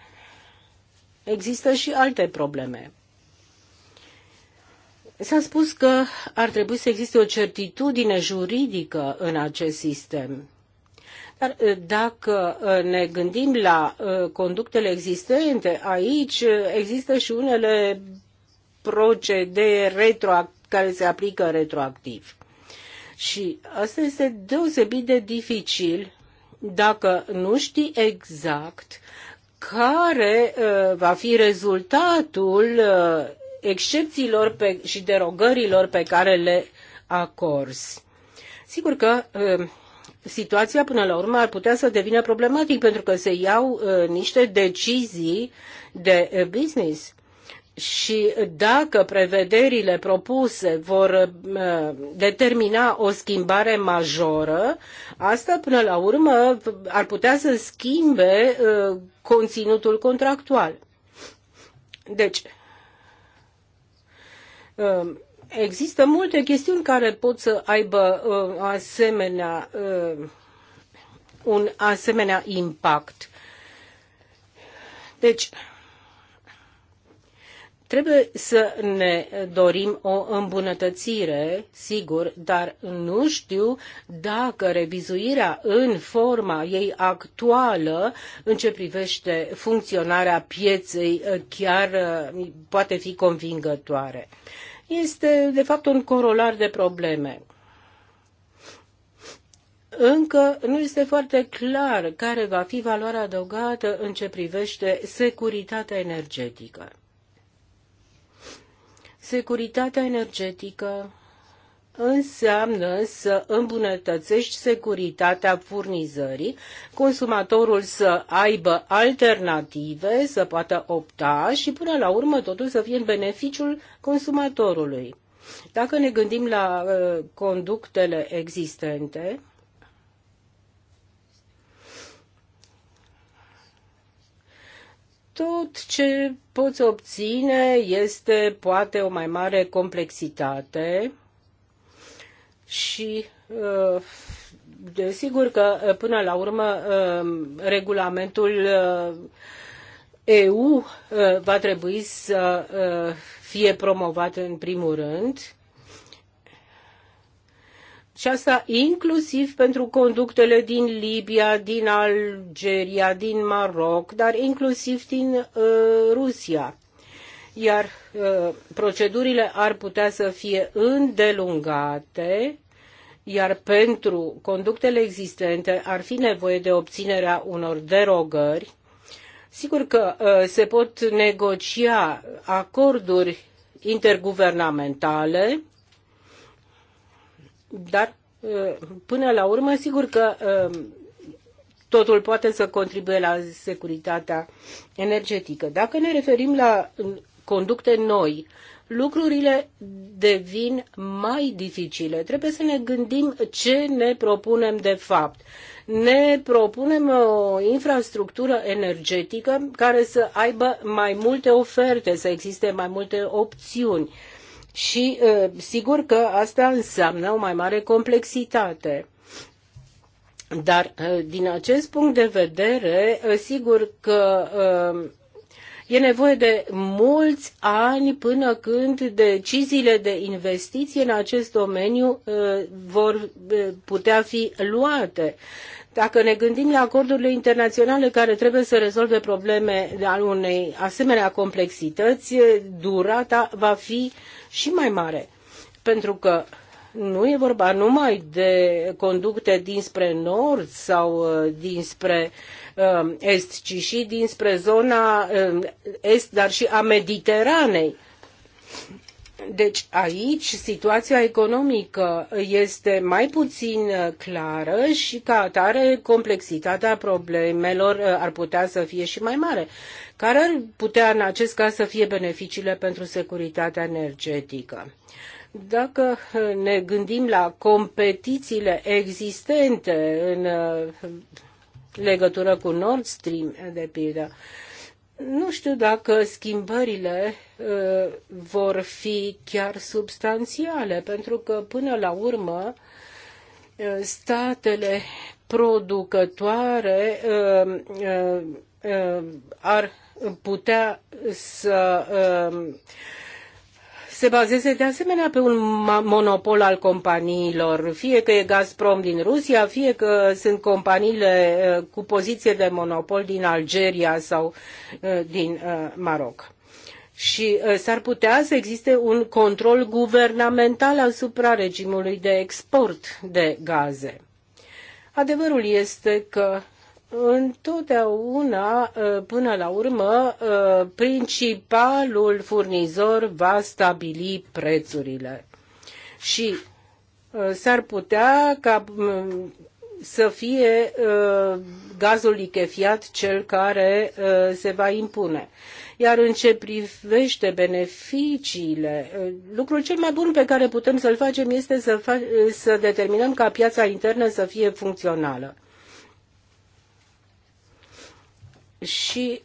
există și alte probleme. S-a spus că ar trebui să existe o certitudine juridică în acest sistem. Dar ă, dacă ă, ne gândim la ă, conductele existente, aici există și unele procedee retroact- care se aplică retroactiv. Și asta este deosebit de dificil dacă nu știi exact care va fi rezultatul excepțiilor pe, și derogărilor pe care le acorzi. Sigur că situația până la urmă ar putea să devină problematic pentru că se iau uh, niște decizii de uh, business. Și dacă prevederile propuse vor uh, determina o schimbare majoră, asta până la urmă ar putea să schimbe uh, conținutul contractual. Deci, Există multe chestiuni care pot să aibă uh, asemenea, uh, un asemenea impact. Deci, trebuie să ne dorim o îmbunătățire, sigur, dar nu știu dacă revizuirea în forma ei actuală, în ce privește funcționarea pieței, uh, chiar uh, poate fi convingătoare. Uh, este de fapt un corolar de probleme. Încă nu este foarte clar care va fi valoarea adăugată în ce privește securitatea energetică. Securitatea energetică înseamnă să îmbunătățești securitatea furnizării, consumatorul să aibă alternative, să poată opta și până la urmă totul să fie în beneficiul consumatorului. Dacă ne gândim la uh, conductele existente, tot ce poți obține este poate o mai mare complexitate, și uh, desigur că uh, până la urmă uh, regulamentul EU va trebui să fie promovat în primul rând și asta inclusiv pentru conductele din Libia, din Algeria, din Maroc, dar inclusiv din uh, Rusia iar uh, procedurile ar putea să fie îndelungate iar pentru conductele existente ar fi nevoie de obținerea unor derogări. Sigur că uh, se pot negocia acorduri interguvernamentale, dar uh, până la urmă, sigur că totul poate să contribuie la securitatea energetică. Dacă ne referim la conducte noi, lucrurile devin mai dificile. Trebuie să ne gândim ce ne propunem de fapt. Ne propunem o infrastructură energetică care să aibă mai multe oferte, să existe mai multe opțiuni. Și sigur că asta înseamnă o mai mare complexitate. Dar din acest punct de vedere, sigur că uh, E nevoie de mulți ani până când deciziile de investiție în acest domeniu uh, vor uh, putea fi luate. Dacă ne gândim la acordurile internaționale care trebuie să rezolve probleme al unei asemenea complexități, uh, durata va fi și mai mare. Pentru că nu e vorba numai de conducte dinspre nord sau uh, dinspre um, est, ci și dinspre zona um, est, dar și a Mediteranei. Deci aici situația economică este mai puțin uh, clară și ca atare complexitatea problemelor uh, ar putea să fie și mai mare. Care ar putea în acest caz să fie beneficiile pentru securitatea energetică? Dacă uh, ne gândim la competițiile existente în uh, legătură cu Nord Stream, de pildă, nu știu dacă schimbările uh, vor fi chiar substanțiale, pentru că până la urmă statele producătoare ar putea să se bazeze de asemenea pe un monopol al companiilor, fie că e Gazprom din Rusia, fie că sunt companiile eh, cu poziție de monopol din Algeria sau eh, din eh, Maroc. Și s-ar putea să existe un control guvernamental asupra regimului de export de gaze. Adevărul este că întotdeauna, uh, până la urmă, uh, principalul furnizor va stabili prețurile. Și uh, s-ar putea ca mm, să fie gazul lichefiat cel care se va impune. Iar în ce privește beneficiile, lucrul cel mai bun pe care putem să-l facem este să, fac, să determinăm ca piața internă să fie funcțională Și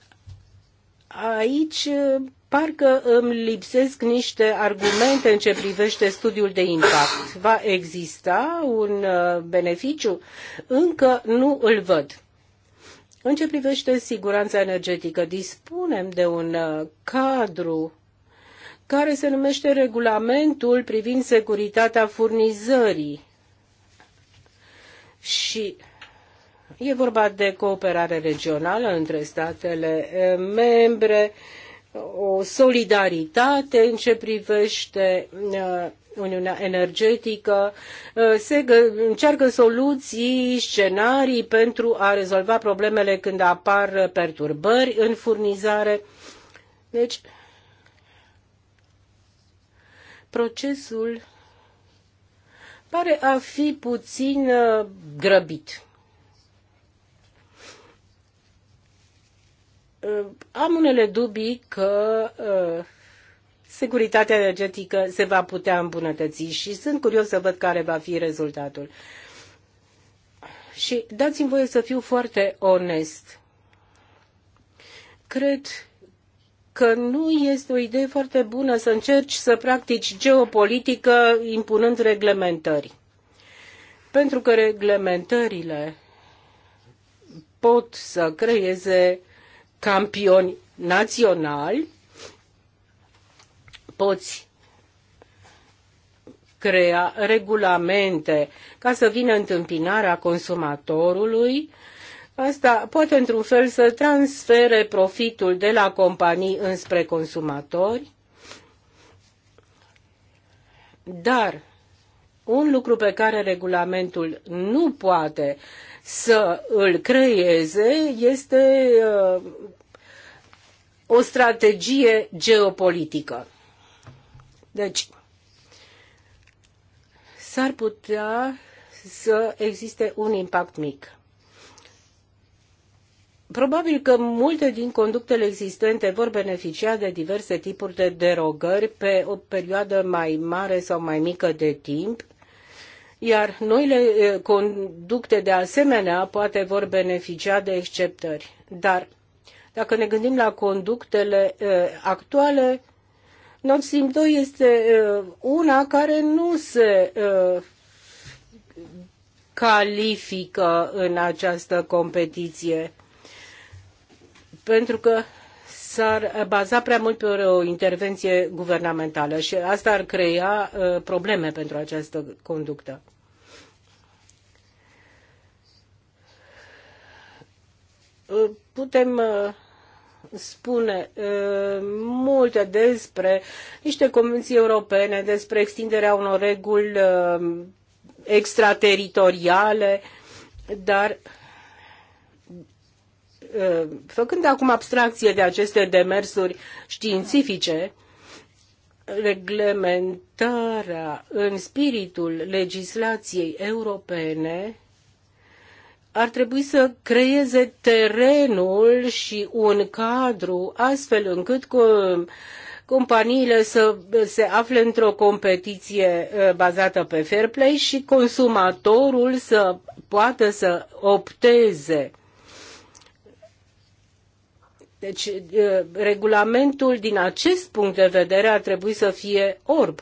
aici uh, parcă îmi lipsesc niște argumente în ce privește studiul de impact. Va exista un uh, beneficiu? Încă nu îl văd. În ce privește siguranța energetică, dispunem de un uh, cadru care se numește regulamentul privind securitatea furnizării. Și E vorba de cooperare regională între statele eh, membre, o solidaritate în ce privește eh, Uniunea Energetică, eh, se încearcă soluții, scenarii pentru a rezolva problemele când apar perturbări în furnizare. Deci, procesul pare a fi puțin grăbit. Uh, am unele dubii că uh, securitatea energetică se va putea îmbunătăți și sunt curios să văd care va fi rezultatul. Și dați-mi voie să fiu foarte onest. Cred că nu este o idee foarte bună să încerci să practici geopolitică impunând reglementări. Pentru că reglementările pot să creeze campioni naționali, poți crea regulamente ca să vină întâmpinarea consumatorului. Asta poate într-un fel să transfere profitul de la companii înspre consumatori. Dar un lucru pe care regulamentul nu poate să îl creeze este uh, o strategie geopolitică. Deci, s-ar putea să existe un impact mic. Probabil că multe din conductele existente vor beneficia de diverse tipuri de derogări pe o perioadă mai mare sau mai mică de timp, iar noile conducte de asemenea poate vor beneficia de exceptări. Dar dacă ne gândim la conductele actuale, Nord Stream 2 este una care nu se califică în această competiție pentru că s-ar baza prea mult pe o intervenție guvernamentală și asta ar crea uh, probleme pentru această conductă. Uh, putem uh, spune multe despre niște convenții europene, despre extinderea unor reguli extrateritoriale, dar Uh, făcând acum abstracție de aceste demersuri științifice, reglementarea în spiritul legislației europene ar trebui să creeze terenul și un cadru astfel încât cu companiile să se afle într-o competiție uh, bazată pe fair play și consumatorul să poată să opteze deci, regulamentul din acest punct de vedere ar trebui să fie orb.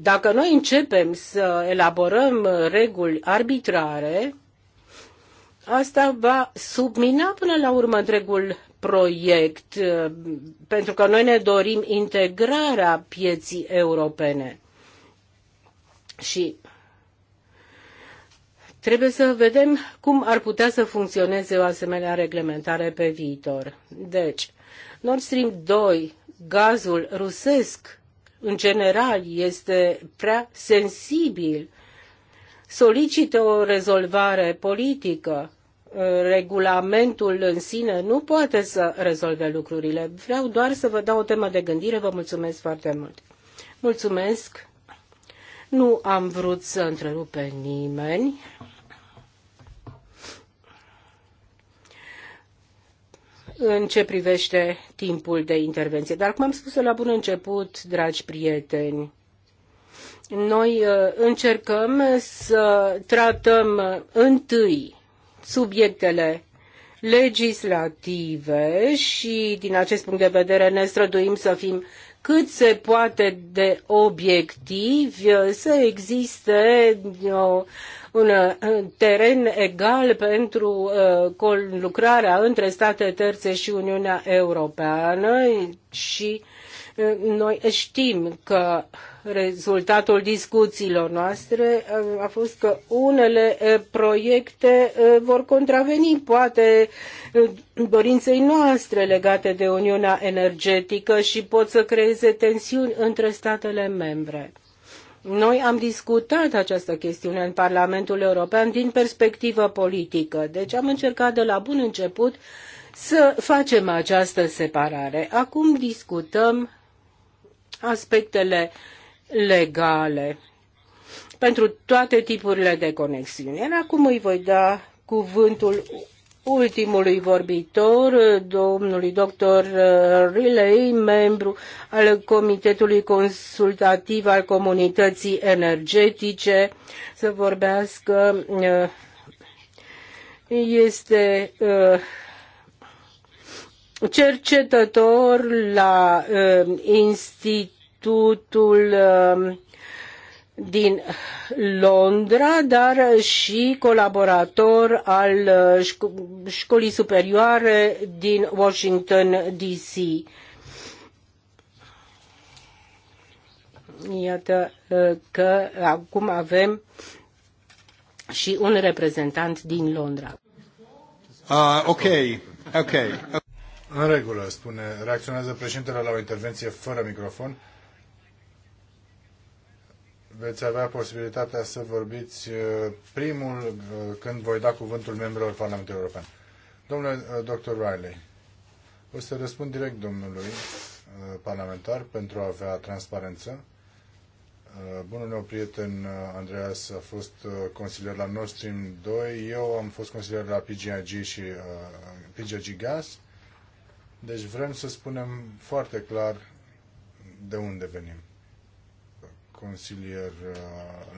dacă noi începem să elaborăm reguli arbitrare, asta va submina până la urmă întregul proiect, pentru că noi ne dorim integrarea pieții europene. Și Trebuie să vedem cum ar putea să funcționeze o asemenea reglementare pe viitor. Deci, Nord Stream 2, gazul rusesc, în general, este prea sensibil. Solicită o rezolvare politică. Regulamentul în sine nu poate să rezolve lucrurile. Vreau doar să vă dau o temă de gândire. Vă mulțumesc foarte mult. Mulțumesc. Nu am vrut să întrerup pe nimeni. în ce privește timpul de intervenție. Dar, cum am spus la bun început, dragi prieteni, noi uh, încercăm să tratăm uh, întâi subiectele legislative și din acest punct de vedere ne străduim să fim cât se poate de obiectiv, eh, să existe eh, o, un eh, teren egal pentru lucrarea între state terțe și Uniunea Europeană și noi știm că rezultatul discuțiilor noastre uh, a fost că unele uh, proiecte uh, vor contraveni poate dorinței noastre legate de Uniunea Energetică și pot să creeze tensiuni între statele membre. Noi am discutat această chestiune în Parlamentul European din perspectivă politică, deci am încercat de la bun început să facem această separare. Acum discutăm aspectele legale pentru toate tipurile de conexiuni. Iar acum îi voi da cuvântul ultimului vorbitor, domnului doctor Riley, membru al Comitetului Consultativ al Comunității Energetice, să vorbească. Este uh, cercetător la uh, Institut Institutul um, din Londra, dar și colaborator al uh, Școlii Superioare din Washington, D.C. Iată uh, că acum avem și un reprezentant din Londra. Uh, ok, ok. În regulă, spune, reacționează președintele la o intervenție fără microfon veți avea posibilitatea să vorbiți uh, primul uh, când voi da cuvântul membrilor Parlamentului European. Domnule uh, Dr. Riley, o să răspund direct domnului parlamentar pentru a avea transparență. Bunul meu prieten Andreas a fost consilier la Nord Stream 2, eu am fost consilier la PGIG și PGIG Gas, deci vrem să spunem foarte clar de unde venim consilier uh,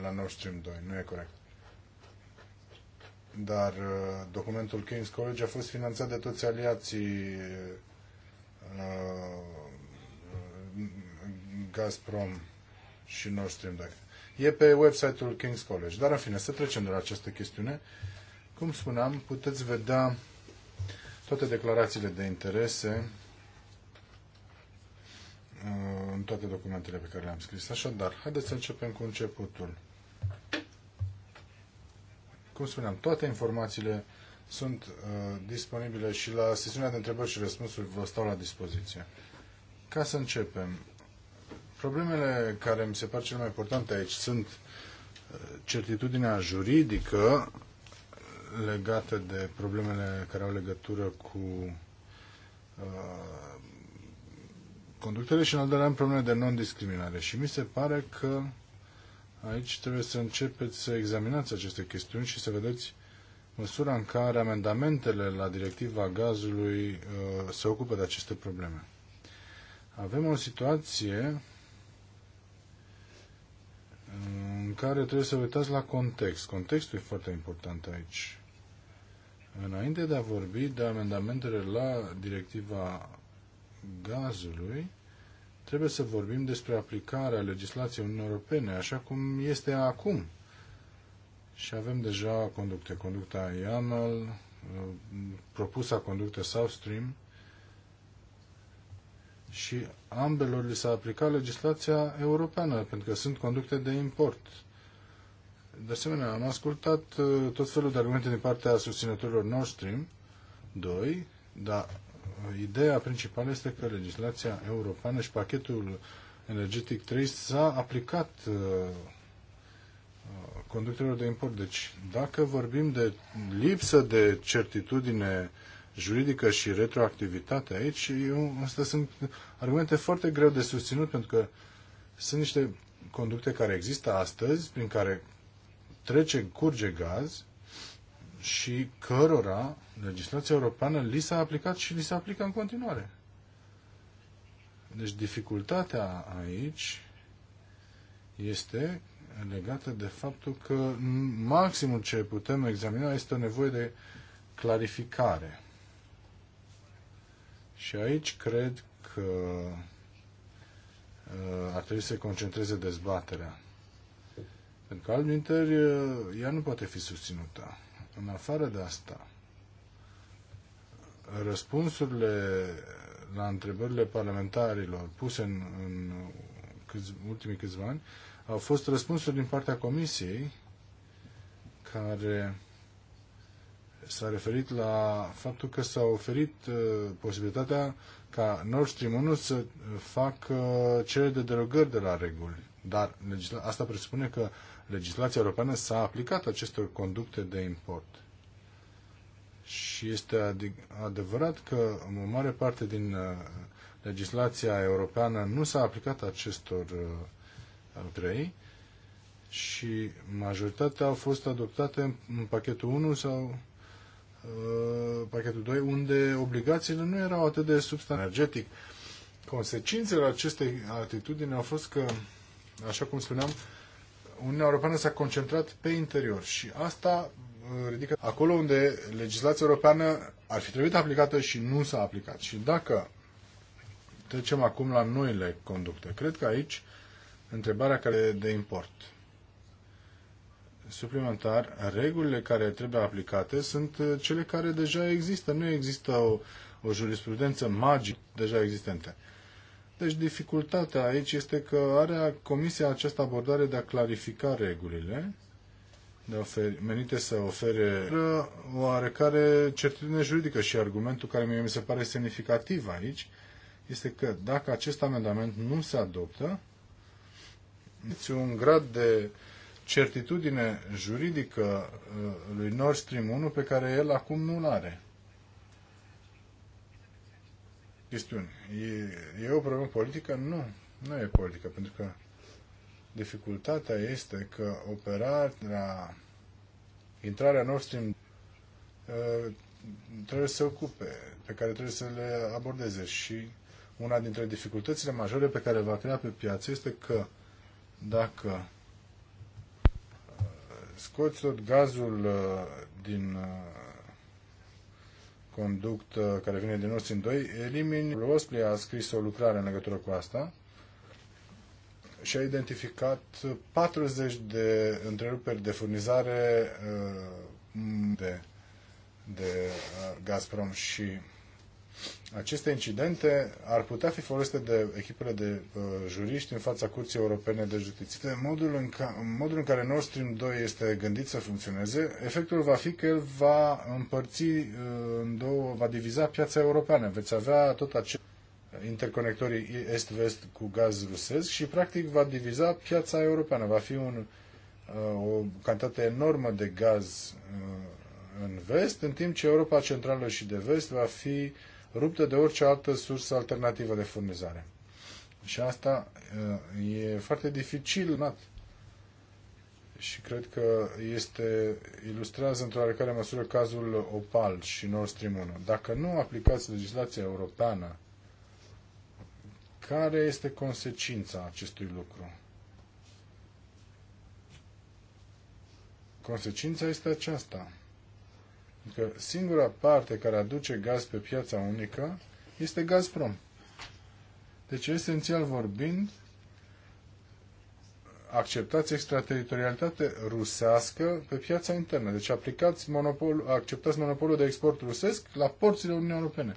la Nord Stream 2. Nu e corect. Dar uh, documentul King's College a fost finanțat de toți aliații uh, Gazprom și Nord Stream 2. E pe website-ul King's College. Dar, în fine, să trecem de la această chestiune. Cum spuneam, puteți vedea toate declarațiile de interese Uh, în toate documentele pe care le-am scris. Așadar, haideți să începem cu începutul. Cum spuneam, toate informațiile sunt uh, disponibile și la sesiunea de întrebări și răspunsuri vă stau la dispoziție. Ca să începem, problemele care mi se par cele mai importante aici sunt uh, certitudinea juridică uh, legată de problemele care au legătură cu uh, conductele și în al doilea probleme de non-discriminare. Și mi se pare că aici trebuie să începeți să examinați aceste chestiuni și să vedeți măsura în care amendamentele la directiva gazului uh, se ocupă de aceste probleme. Avem o situație în care trebuie să uitați la context. Contextul e foarte important aici. Înainte de a vorbi de amendamentele la directiva gazului, trebuie să vorbim despre aplicarea legislației Uniunii Europene, așa cum este acum. Și avem deja conducte. Conducta IAML, propusa conductă South Stream și ambelor li s-a aplicat legislația europeană, pentru că sunt conducte de import. De asemenea, am ascultat uh, tot felul de argumente din partea susținătorilor Nord Stream 2, dar ideea principală este că legislația europeană și pachetul energetic 3 s-a aplicat uh, uh, conductorilor de import. Deci, dacă vorbim de lipsă de certitudine juridică și retroactivitate aici, eu, astea sunt argumente foarte greu de susținut, pentru că sunt niște conducte care există astăzi, prin care trece, curge gaz și cărora legislația europeană li s-a aplicat și li se aplică în continuare. Deci dificultatea aici este legată de faptul că maximul ce putem examina este o nevoie de clarificare. Și aici cred că uh, ar trebui să se concentreze dezbaterea. Pentru că altminteri uh, ea nu poate fi susținută. În afară de asta, răspunsurile la întrebările parlamentarilor puse în, în câți, ultimii câțiva ani au fost răspunsuri din partea Comisiei care s-a referit la faptul că s-a oferit uh, posibilitatea ca Nord Stream 1 să facă uh, cereri de derogări de la reguli. Dar legisla- asta presupune că legislația europeană s-a aplicat acestor conducte de import. Și este adevărat că o mare parte din uh, legislația europeană nu s-a aplicat acestor uh, trei și majoritatea au fost adoptate în pachetul 1 sau uh, pachetul 2, unde obligațiile nu erau atât de substanțe energetic. Consecințele acestei atitudini au fost că, așa cum spuneam, Uniunea Europeană s-a concentrat pe interior și asta uh, ridică acolo unde legislația europeană ar fi trebuit aplicată și nu s-a aplicat. Și dacă trecem acum la noile conducte, cred că aici întrebarea care e de import. Suplimentar, regulile care trebuie aplicate sunt uh, cele care deja există. Nu există o, o jurisprudență magică deja existente. Deci dificultatea aici este că are Comisia această abordare de a clarifica regulile, de oferi, menite să ofere oarecare certitudine juridică și argumentul care mie mi se pare semnificativ aici este că dacă acest amendament nu se adoptă, este un grad de certitudine juridică uh, lui Nord Stream 1 pe care el acum nu-l are chestiuni. E, e o problemă politică? Nu, nu e politică, pentru că dificultatea este că operarea, intrarea Nord Stream uh, trebuie să se ocupe, pe care trebuie să le abordeze și una dintre dificultățile majore pe care va crea pe piață este că dacă uh, scoți tot gazul uh, din conduct uh, care vine din Nord 2, elimini... Rosli a scris o lucrare în legătură cu asta și a identificat 40 de întreruperi de furnizare uh, de, de uh, Gazprom și aceste incidente ar putea fi folosite de echipele de uh, juriști în fața Curții Europene de Justiție. Modul în, ca, modul în care Nord Stream 2 este gândit să funcționeze, efectul va fi că el va împărți uh, în două, va diviza piața europeană. Veți avea tot acest interconectorii est-vest cu gaz rusesc și practic va diviza piața europeană. Va fi un, uh, o cantitate enormă de gaz uh, în vest, în timp ce Europa Centrală și de Vest va fi uh, ruptă de orice altă sursă alternativă de furnizare. Și asta uh, e foarte dificil. Și cred că este, ilustrează într-o oarecare măsură cazul Opal și Nord Stream 1. Dacă nu aplicați legislația europeană, care este consecința acestui lucru? Consecința este aceasta că singura parte care aduce gaz pe piața unică este Gazprom. Deci, esențial vorbind, acceptați extrateritorialitate rusească pe piața internă. Deci aplicați monopol, acceptați monopolul de export rusesc la porțile Uniunii Europene.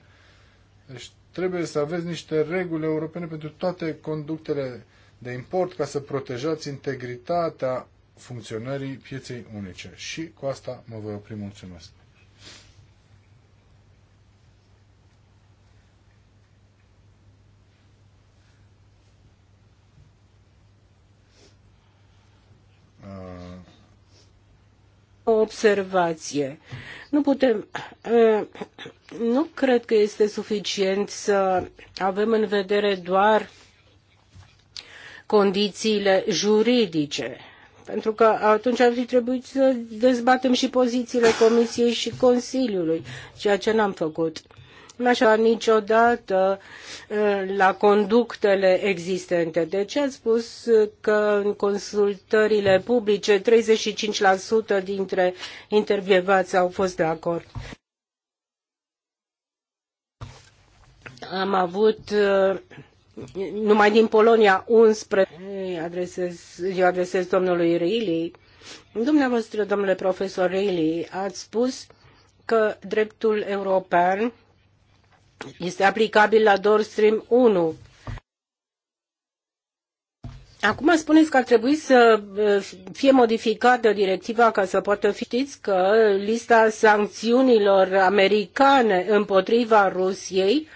Deci trebuie să aveți niște reguli europene pentru toate conductele de import ca să protejați integritatea funcționării pieței unice. Și cu asta mă voi opri. Mulțumesc! o observație. Nu putem, ă, nu cred că este suficient să avem în vedere doar condițiile juridice, pentru că atunci ar fi trebuit să dezbatem și pozițiile Comisiei și Consiliului, ceea ce n-am făcut așa niciodată uh, la conductele existente. De ce ați spus că în consultările publice 35% dintre intervievați au fost de acord. Am avut uh, numai din Polonia 11, adresez, eu adresez domnului Riley. Dumneavoastră, domnule profesor Riley, ați spus că dreptul european este aplicabil la Nord Stream 1. Acum spuneți că ar trebui să uh, fie modificată directiva ca să poată fi. Știți că lista sancțiunilor americane împotriva Rusiei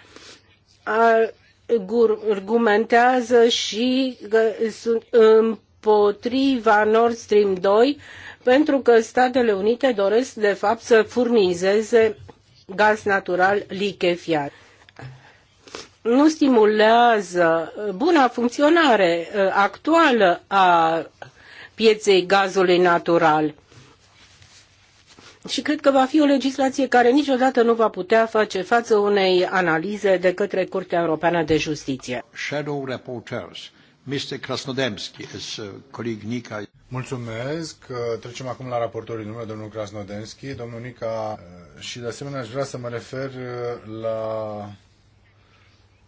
argumentează și că sunt împotriva Nord Stream 2 pentru că Statele Unite doresc de fapt să furnizeze gaz natural lichefiat. Nu stimulează buna funcționare uh, actuală a pieței gazului natural. Și cred că va fi o legislație care niciodată nu va putea face față unei analize de către Curtea Europeană de Justiție. Shadow Reporters. Mr. Krasnodemski, as uh, coleg Nica. Mulțumesc. Uh, trecem acum la raportorii numele, domnul Krasnodemski, domnul Nica uh, și de asemenea aș vrea să mă refer la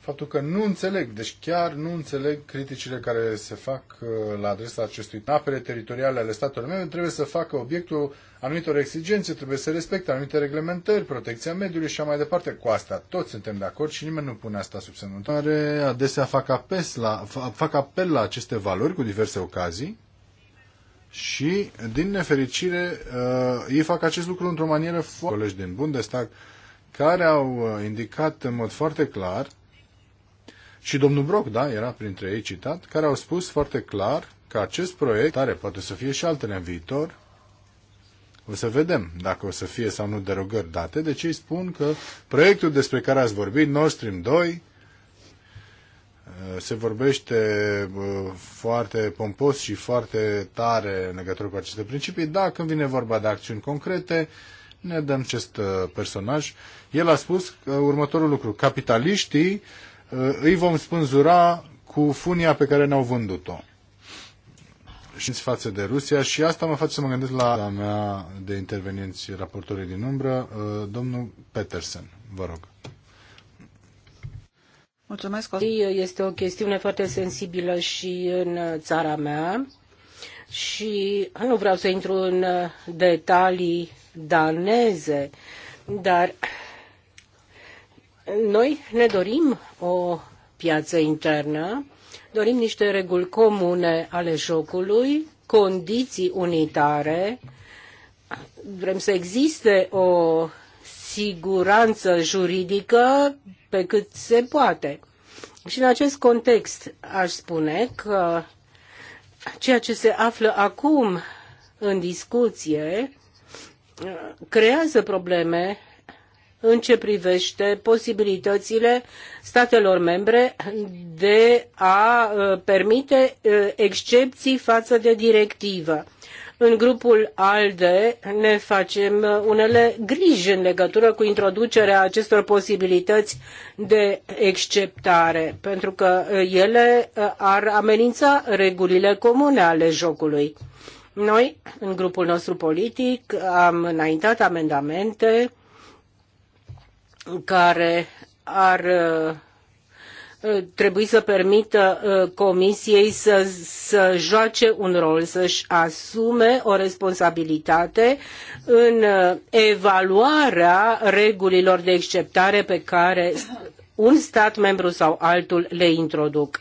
faptul că nu înțeleg, deci chiar nu înțeleg criticile care se fac uh, la adresa acestui apere teritoriale ale statelor membre, trebuie să facă obiectul anumitor exigențe, trebuie să respecte anumite reglementări, protecția mediului și așa mai departe. Cu asta toți suntem de acord și nimeni nu pune asta sub semnul. Care adesea fac, apes la, fac apel la aceste valori cu diverse ocazii și, din nefericire, uh, ei fac acest lucru într-o manieră foarte... colegi din Bundestag care au uh, indicat în mod foarte clar și domnul Brock, da, era printre ei citat, care au spus foarte clar că acest proiect, care poate să fie și altele în viitor, o să vedem dacă o să fie sau nu derogări date, deci ei spun că proiectul despre care ați vorbit, Nord Stream 2, se vorbește foarte pompos și foarte tare în legătură cu aceste principii, dar când vine vorba de acțiuni concrete, ne dăm acest uh, personaj. El a spus următorul lucru. Capitaliștii Eh, îi vom spânzura cu funia pe care ne-au vândut-o și față de Rusia și asta mă face să mă gândesc la la mea de intervenienți raportorii din umbră, eh, domnul Petersen, vă rog. Mulțumesc. Este o chestiune foarte sensibilă și în țara mea și nu vreau să intru în detalii daneze, dar noi ne dorim o piață internă, dorim niște reguli comune ale jocului, condiții unitare, vrem să existe o siguranță juridică pe cât se poate. Și în acest context aș spune că ceea ce se află acum în discuție uh, creează probleme în ce privește posibilitățile statelor membre de a uh, permite uh, excepții față de directivă. În grupul ALDE ne facem uh, unele griji în legătură cu introducerea acestor posibilități de exceptare, pentru că ele ar amenința regulile comune ale jocului. Noi, în grupul nostru politic, am înaintat amendamente care ar uh, uh, trebui să permită uh, Comisiei să, să joace un rol, să-și asume o responsabilitate în evaluarea regulilor de exceptare pe care un stat membru sau altul le introduc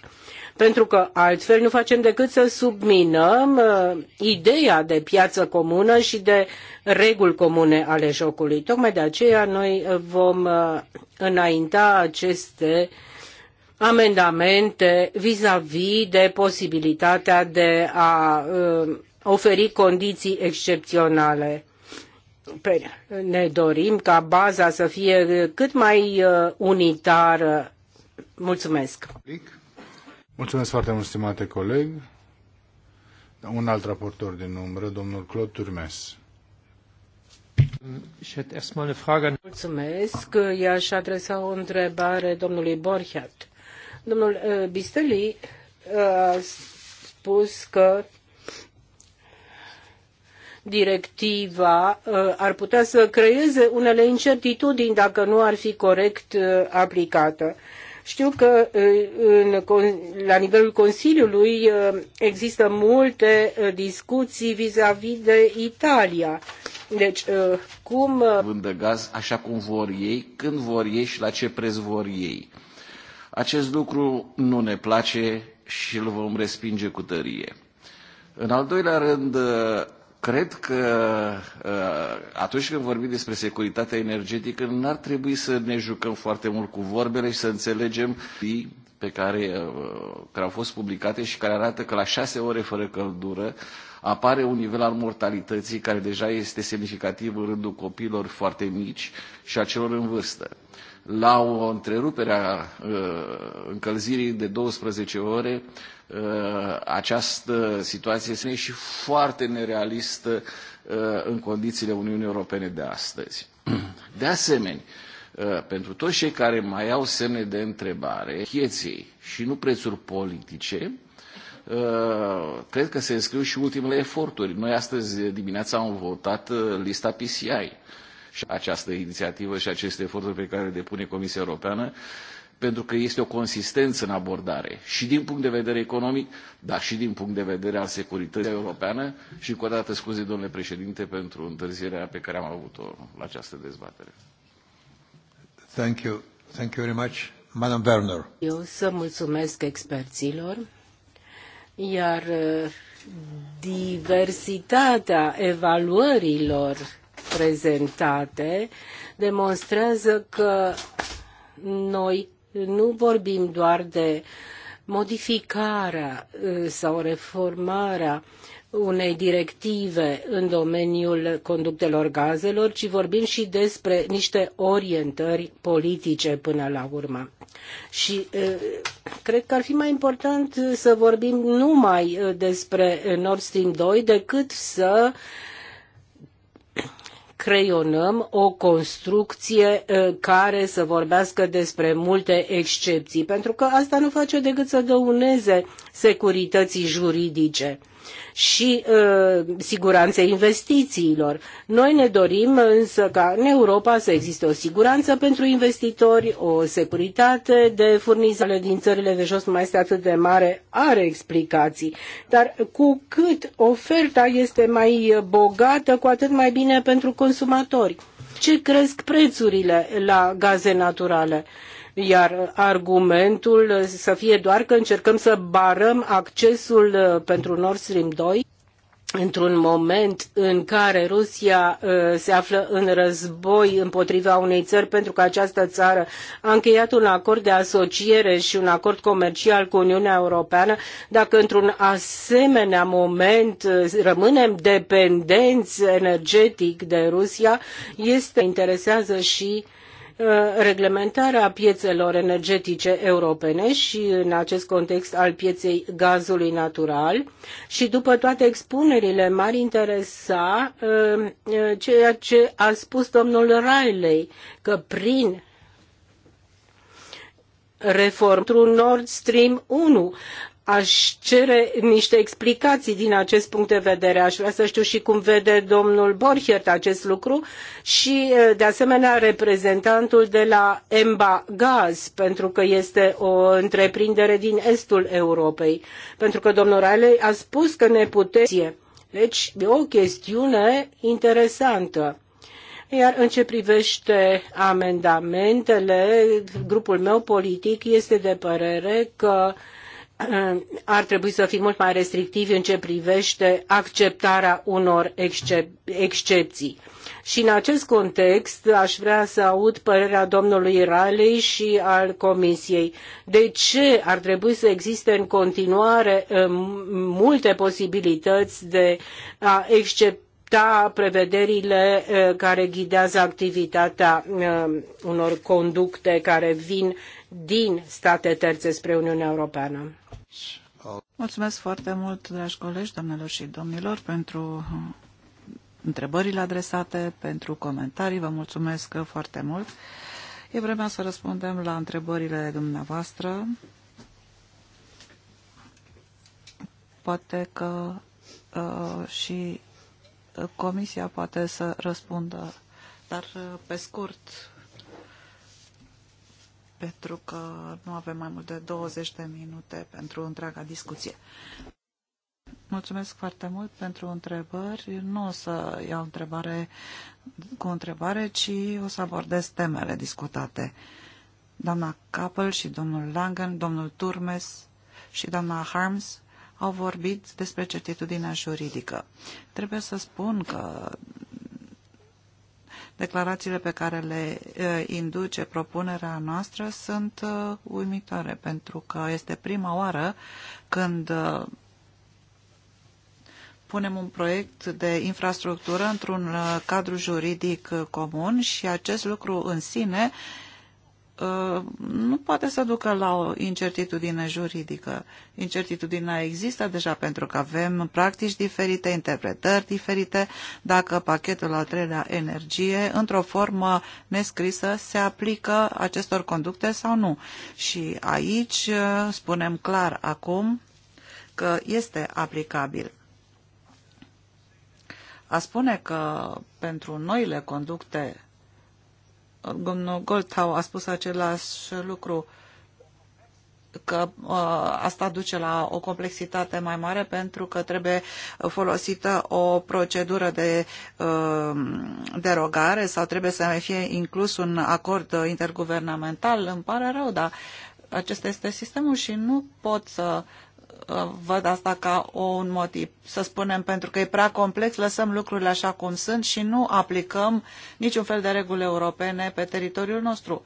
pentru că altfel nu facem decât să subminăm uh, ideea de piață comună și de reguli comune ale jocului. Tocmai de aceea noi uh, vom uh, înainta aceste amendamente vis-a-vis de posibilitatea de a oferi condiții excepționale. Păi, ne dorim ca baza să fie cât mai unitară. Mulțumesc! Mulțumesc foarte mult, stimate coleg. Un alt raportor din umbră, domnul Claude Turmes. Mulțumesc. I-aș adresa o întrebare domnului Borchiat. Domnul uh, Bisteli uh, a spus că directiva uh, ar putea să creeze unele incertitudini dacă nu ar fi corect aplicată. Știu că în, la nivelul Consiliului există multe discuții vis-a-vis de Italia. Deci, cum... Vândă gaz așa cum vor ei, când vor ei și la ce preț vor ei. Acest lucru nu ne place și îl vom respinge cu tărie. În al doilea rând, Cred că uh, atunci când vorbim despre securitatea energetică, nu ar trebui să ne jucăm foarte mult cu vorbele și să înțelegem pe care, uh, care au fost publicate și care arată că la șase ore fără căldură apare un nivel al mortalității care deja este semnificativ în rândul copiilor foarte mici și a celor în vârstă. La o întrerupere a uh, încălzirii de 12 ore, Uh, această situație este și foarte nerealistă uh, în condițiile Uniunii Europene de astăzi. De asemenea, uh, pentru toți cei care mai au semne de întrebare, pieței și nu prețuri politice, cred că se înscriu și ultimele eforturi. Noi astăzi dimineața am votat lista PCI și această inițiativă și aceste eforturi pe care le depune Comisia Europeană pentru că este o consistență în abordare și din punct de vedere economic, dar și din punct de vedere al securității europeană și cu o dată scuze, domnule președinte, pentru întârzierea pe care am avut-o la această dezbatere. Thank you. Thank you very much. Madam Werner. Eu să mulțumesc experților, iar uh, diversitatea evaluărilor prezentate demonstrează că noi nu vorbim doar de modificarea uh, sau reformarea unei directive în domeniul conductelor gazelor, ci vorbim și despre niște orientări politice până la urmă. Și uh, cred că ar fi mai important să vorbim numai uh, despre Nord Stream 2 decât să creionăm o construcție care să vorbească despre multe excepții, pentru că asta nu face decât să dăuneze securității juridice și ă, siguranță investițiilor. Noi ne dorim însă ca în Europa să existe o siguranță pentru investitori, o securitate de furnizare din țările de jos nu mai este atât de mare, are explicații. Dar cu cât oferta este mai bogată, cu atât mai bine pentru consumatori. Ce cresc prețurile la gaze naturale? Iar argumentul să fie doar că încercăm să barăm accesul uh, pentru Nord Stream 2 într-un moment în care Rusia uh, se află în război împotriva unei țări pentru că această țară a încheiat un acord de asociere și un acord comercial cu Uniunea Europeană, dacă într-un asemenea moment uh, rămânem dependenți energetic de Rusia, este interesează și Uh, reglementarea piețelor energetice europene și în acest context al pieței gazului natural și după toate expunerile m-ar interesa uh, uh, ceea ce a spus domnul Riley că prin reform Nord Stream 1 aș cere niște explicații din acest punct de vedere. Aș vrea să știu și cum vede domnul Borchert acest lucru și, de asemenea, reprezentantul de la Emba Gaz, pentru că este o întreprindere din estul Europei. Pentru că domnul Rale a spus că ne puteți. Deci, e o chestiune interesantă. Iar în ce privește amendamentele, grupul meu politic este de părere că ar trebui să fim mult mai restrictivi în ce privește acceptarea unor excep excepții. Și în acest context aș vrea să aud părerea domnului Riley și al Comisiei. De ce ar trebui să existe în continuare eh, multe posibilități de a excepta prevederile eh, care ghidează activitatea eh, unor conducte care vin din state terțe spre Uniunea Europeană? Mulțumesc foarte mult, dragi colegi, doamnelor și domnilor, pentru întrebările adresate, pentru comentarii. Vă mulțumesc foarte mult. E vremea să răspundem la întrebările dumneavoastră. Poate că uh, și comisia poate să răspundă, dar uh, pe scurt, pentru că nu avem mai mult de 20 de minute pentru întreaga discuție. Mulțumesc foarte mult pentru întrebări. Nu o să iau întrebare cu întrebare, ci o să abordez temele discutate. Doamna Capel și domnul Langen, domnul Turmes și doamna Harms au vorbit despre certitudinea juridică. Trebuie să spun că Declarațiile pe care le eh, induce propunerea noastră sunt eh, uimitoare, pentru că este prima oară când eh, punem un proiect de infrastructură într-un cadru juridic comun și acest lucru în sine Uh, nu poate să ducă la o incertitudine juridică. Incertitudinea există deja pentru că avem practici diferite, interpretări diferite, dacă pachetul al treilea energie, într-o formă nescrisă, se aplică acestor conducte sau nu. Și aici uh, spunem clar acum că este aplicabil. A spune că pentru noile conducte domnul Goldhau a spus același lucru, că uh, asta duce la o complexitate mai mare pentru că trebuie folosită o procedură de uh, derogare sau trebuie să mai fie inclus un acord interguvernamental. Îmi pare rău, dar acesta este sistemul și nu pot să uh, Uh, văd asta ca un motiv. Să spunem, pentru că e prea complex, lăsăm lucrurile așa cum sunt și nu aplicăm niciun fel de reguli europene pe teritoriul nostru.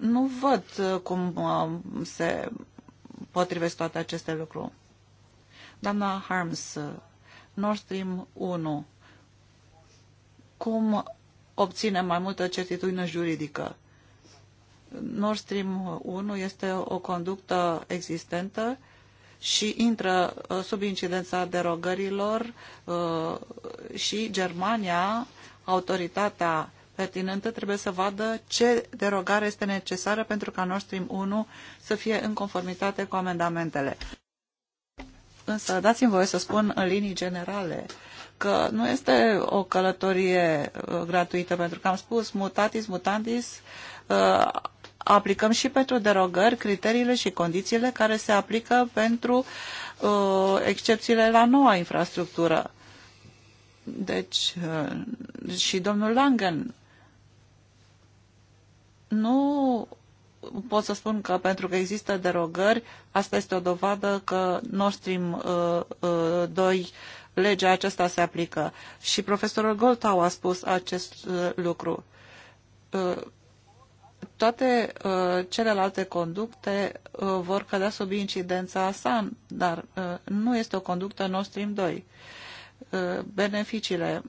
Nu văd uh, cum uh, se potrivesc toate aceste lucruri. Doamna Harms, Nord Stream 1, cum obținem mai multă certitudine juridică? Nord Stream 1 este o conductă existentă și intră uh, sub incidența derogărilor uh, și Germania, autoritatea pertinentă, trebuie să vadă ce derogare este necesară pentru ca Nord Stream 1 să fie în conformitate cu amendamentele. Însă dați-mi voie să spun în linii generale că nu este o călătorie uh, gratuită, pentru că am spus mutatis mutandis, aplicăm și pentru derogări criteriile și condițiile care se aplică pentru uh, excepțiile la noua infrastructură. Deci, uh, și domnul Langen, nu pot să spun că pentru că există derogări, asta este o dovadă că Nord Stream uh, 2 uh, legea aceasta se aplică. Și profesorul Goltau a spus acest uh, lucru uh, toate uh, celelalte conducte uh, vor cădea sub incidența sa, dar uh, nu este o conductă Nord Stream 2. Uh, beneficiile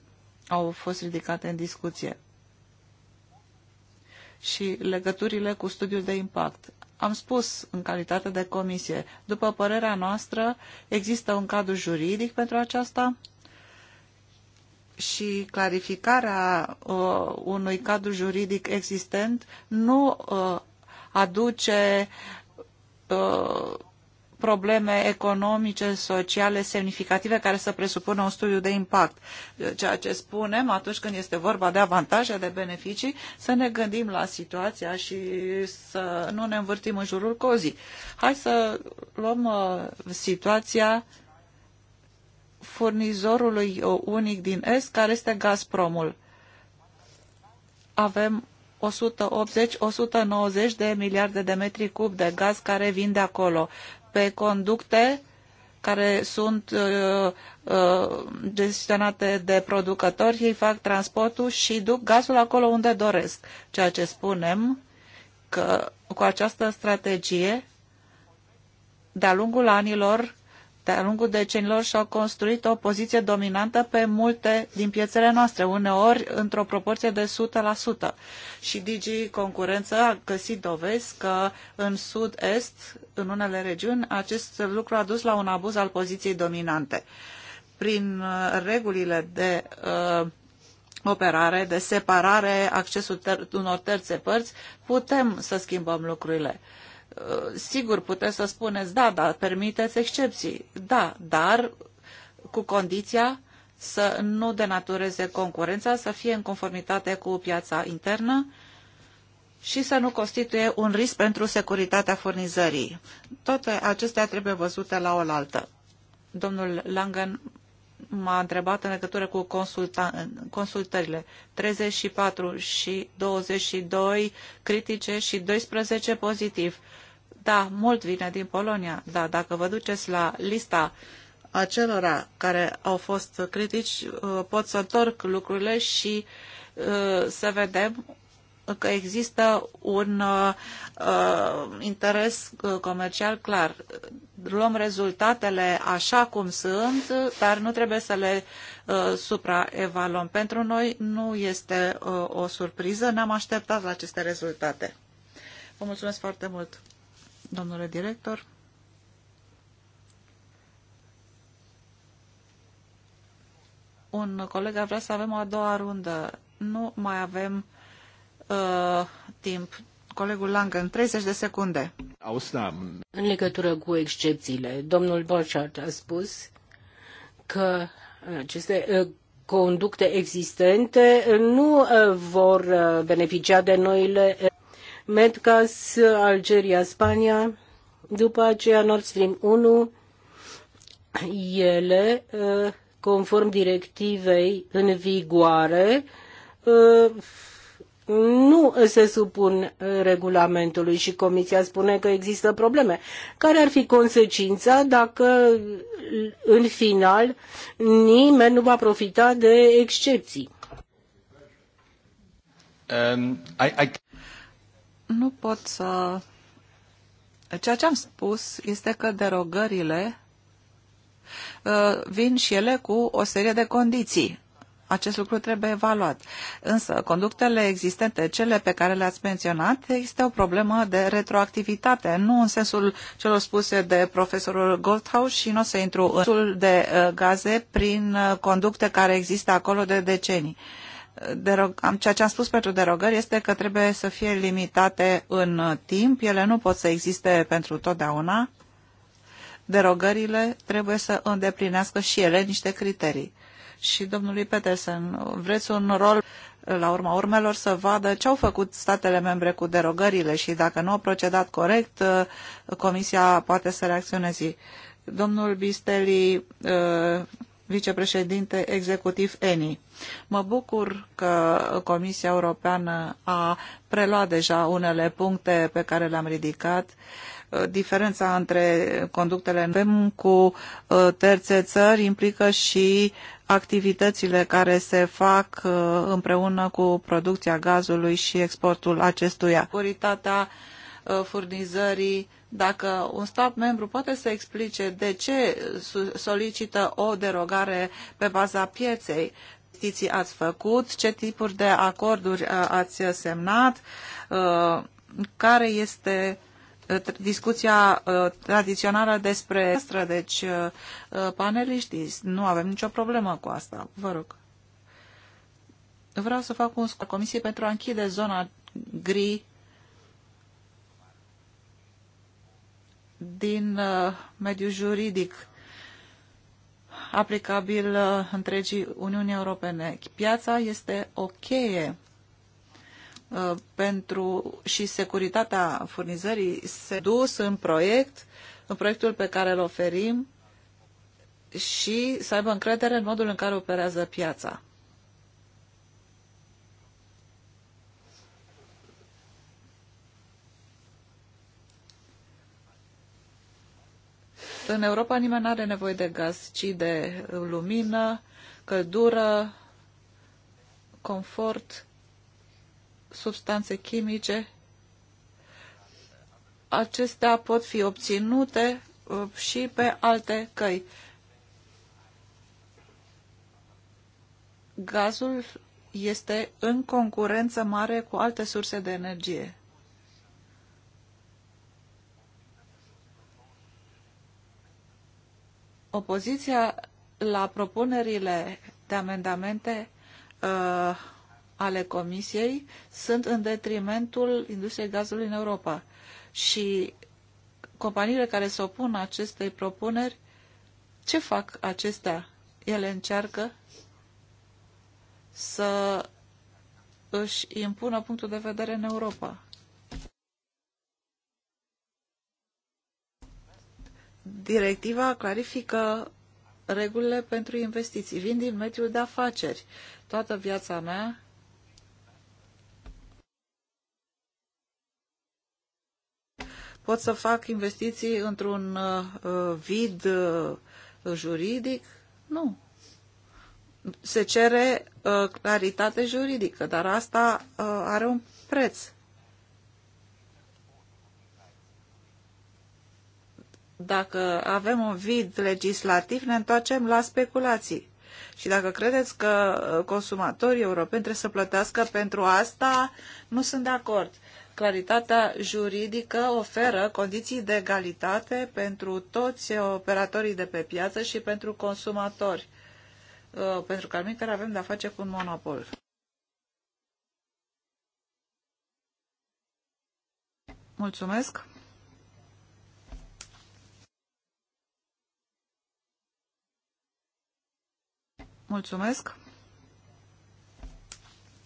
au fost ridicate în discuție și legăturile cu studiul de impact. Am spus în calitate de comisie, după părerea noastră, există un cadru juridic pentru aceasta, și clarificarea uh, unui cadru juridic existent nu uh, aduce uh, probleme economice, sociale semnificative care să presupună un studiu de impact. Ceea ce spunem atunci când este vorba de avantaje, de beneficii, să ne gândim la situația și să nu ne învârtim în jurul cozii. Hai să luăm uh, situația furnizorului uh, unic din Est, care este Gazpromul. Avem 180-190 de miliarde de metri cub de gaz care vin de acolo. Pe conducte care sunt uh, uh, gestionate de producători, ei fac transportul și duc gazul acolo unde doresc. Ceea ce spunem că cu această strategie, de-a lungul anilor, de-a lungul decenilor și-au construit o poziție dominantă pe multe din piețele noastre, uneori într-o proporție de 100%. Și Digi Concurență a găsit dovezi că în sud-est, în unele regiuni, acest lucru a dus la un abuz al poziției dominante. Prin uh, regulile de uh, operare, de separare, accesul ter unor terțe părți, putem să schimbăm lucrurile. Uh, Uh, sigur puteți să spuneți, da, dar permiteți excepții. Da, dar cu condiția să nu denatureze concurența, să fie în conformitate cu piața internă și să nu constituie un risc pentru securitatea furnizării. Toate acestea trebuie văzute la oaltă. Domnul Langen m-a întrebat în legătură cu consulta, consultările. 34 și 22 critice și 12 pozitiv. Da, mult vine din Polonia, dar dacă vă duceți la lista acelora care au fost critici, uh, pot să întorc lucrurile și uh, să vedem că există un uh, interes uh, comercial clar. Luăm rezultatele așa cum sunt, dar nu trebuie să le uh, supraevaluăm. Pentru noi nu este uh, o surpriză, n-am așteptat la aceste rezultate. Vă mulțumesc foarte mult, domnule director. un coleg a vrea să avem o a doua rundă. Nu mai avem Uh, timp. Colegul Lang, în 30 de secunde. Ausnahmen. În legătură cu excepțiile, domnul Borchardt a spus că aceste uh, conducte existente uh, nu vor beneficia de noile Medcas, Algeria, Spania, după aceea Nord Stream 1, ele, conform directivei în vigoare, nu se supun regulamentului și Comisia spune că există probleme. Care ar fi consecința dacă în final nimeni nu va profita de excepții? Um, I, I... Nu pot să... Ceea ce am spus este că derogările uh, vin și ele cu o serie de condiții acest lucru trebuie evaluat. Însă, conductele existente, cele pe care le-ați menționat, este o problemă de retroactivitate, nu în sensul celor spuse de profesorul Goldhaus și nu o să intru în sensul de uh, gaze prin uh, conducte care există acolo de decenii. Derog, ceea ce am spus pentru derogări este că trebuie să fie limitate în uh, timp, ele nu pot să existe pentru totdeauna, derogările trebuie să îndeplinească și ele niște criterii și domnului Petersen, vreți un rol uh, la urma urmelor să vadă ce au făcut statele membre cu derogările și dacă nu au procedat corect, uh, Comisia poate să reacționeze. Domnul Bisteli, uh, vicepreședinte executiv ENI. Mă bucur că Comisia Europeană a preluat deja unele puncte pe care le-am ridicat Uh, diferența între conductele avem cu uh, terțe țări implică și activitățile care se fac uh, împreună cu producția gazului și exportul acestuia. Securitatea furnizării dacă un stat membru poate să explice de ce solicită o derogare pe baza pieței, investiții ați făcut, ce tipuri de acorduri ați semnat, care este Eh, discuția eh, tradițională despre stră, deci eh, paneliștii, nu avem nicio problemă cu asta, vă rog. Vreau să fac un scor comisie pentru a închide zona gri din mediul juridic aplicabil întregii Uniunii Europene. Piața este o cheie Uh, pentru și securitatea furnizării se dus în proiect, în proiectul pe care îl oferim și să aibă încredere în modul în care operează piața. În Europa nimeni nu are nevoie de gaz, ci de lumină, căldură, confort, substanțe chimice, acestea pot fi obținute uh, și pe alte căi. Gazul este în concurență mare cu alte surse de energie. Opoziția la propunerile de amendamente uh, ale Comisiei sunt în detrimentul industriei gazului în Europa. Și companiile care se opun acestei propuneri, ce fac acestea? Ele încearcă să își impună punctul de vedere în Europa. Directiva clarifică regulile pentru investiții. Vin din mediul de afaceri. Toată viața mea pot să fac investiții într-un uh, vid uh, juridic? Nu. Se cere uh, claritate juridică, dar asta are un preț. Dacă avem un vid legislativ, ne întoarcem la speculații. Și dacă credeți că consumatorii europeni trebuie să plătească pentru asta, nu sunt de acord claritatea juridică oferă condiții de egalitate pentru toți operatorii de pe piață și pentru consumatori, uh, pentru că anumite avem de-a face cu un monopol. Mulțumesc! Mulțumesc!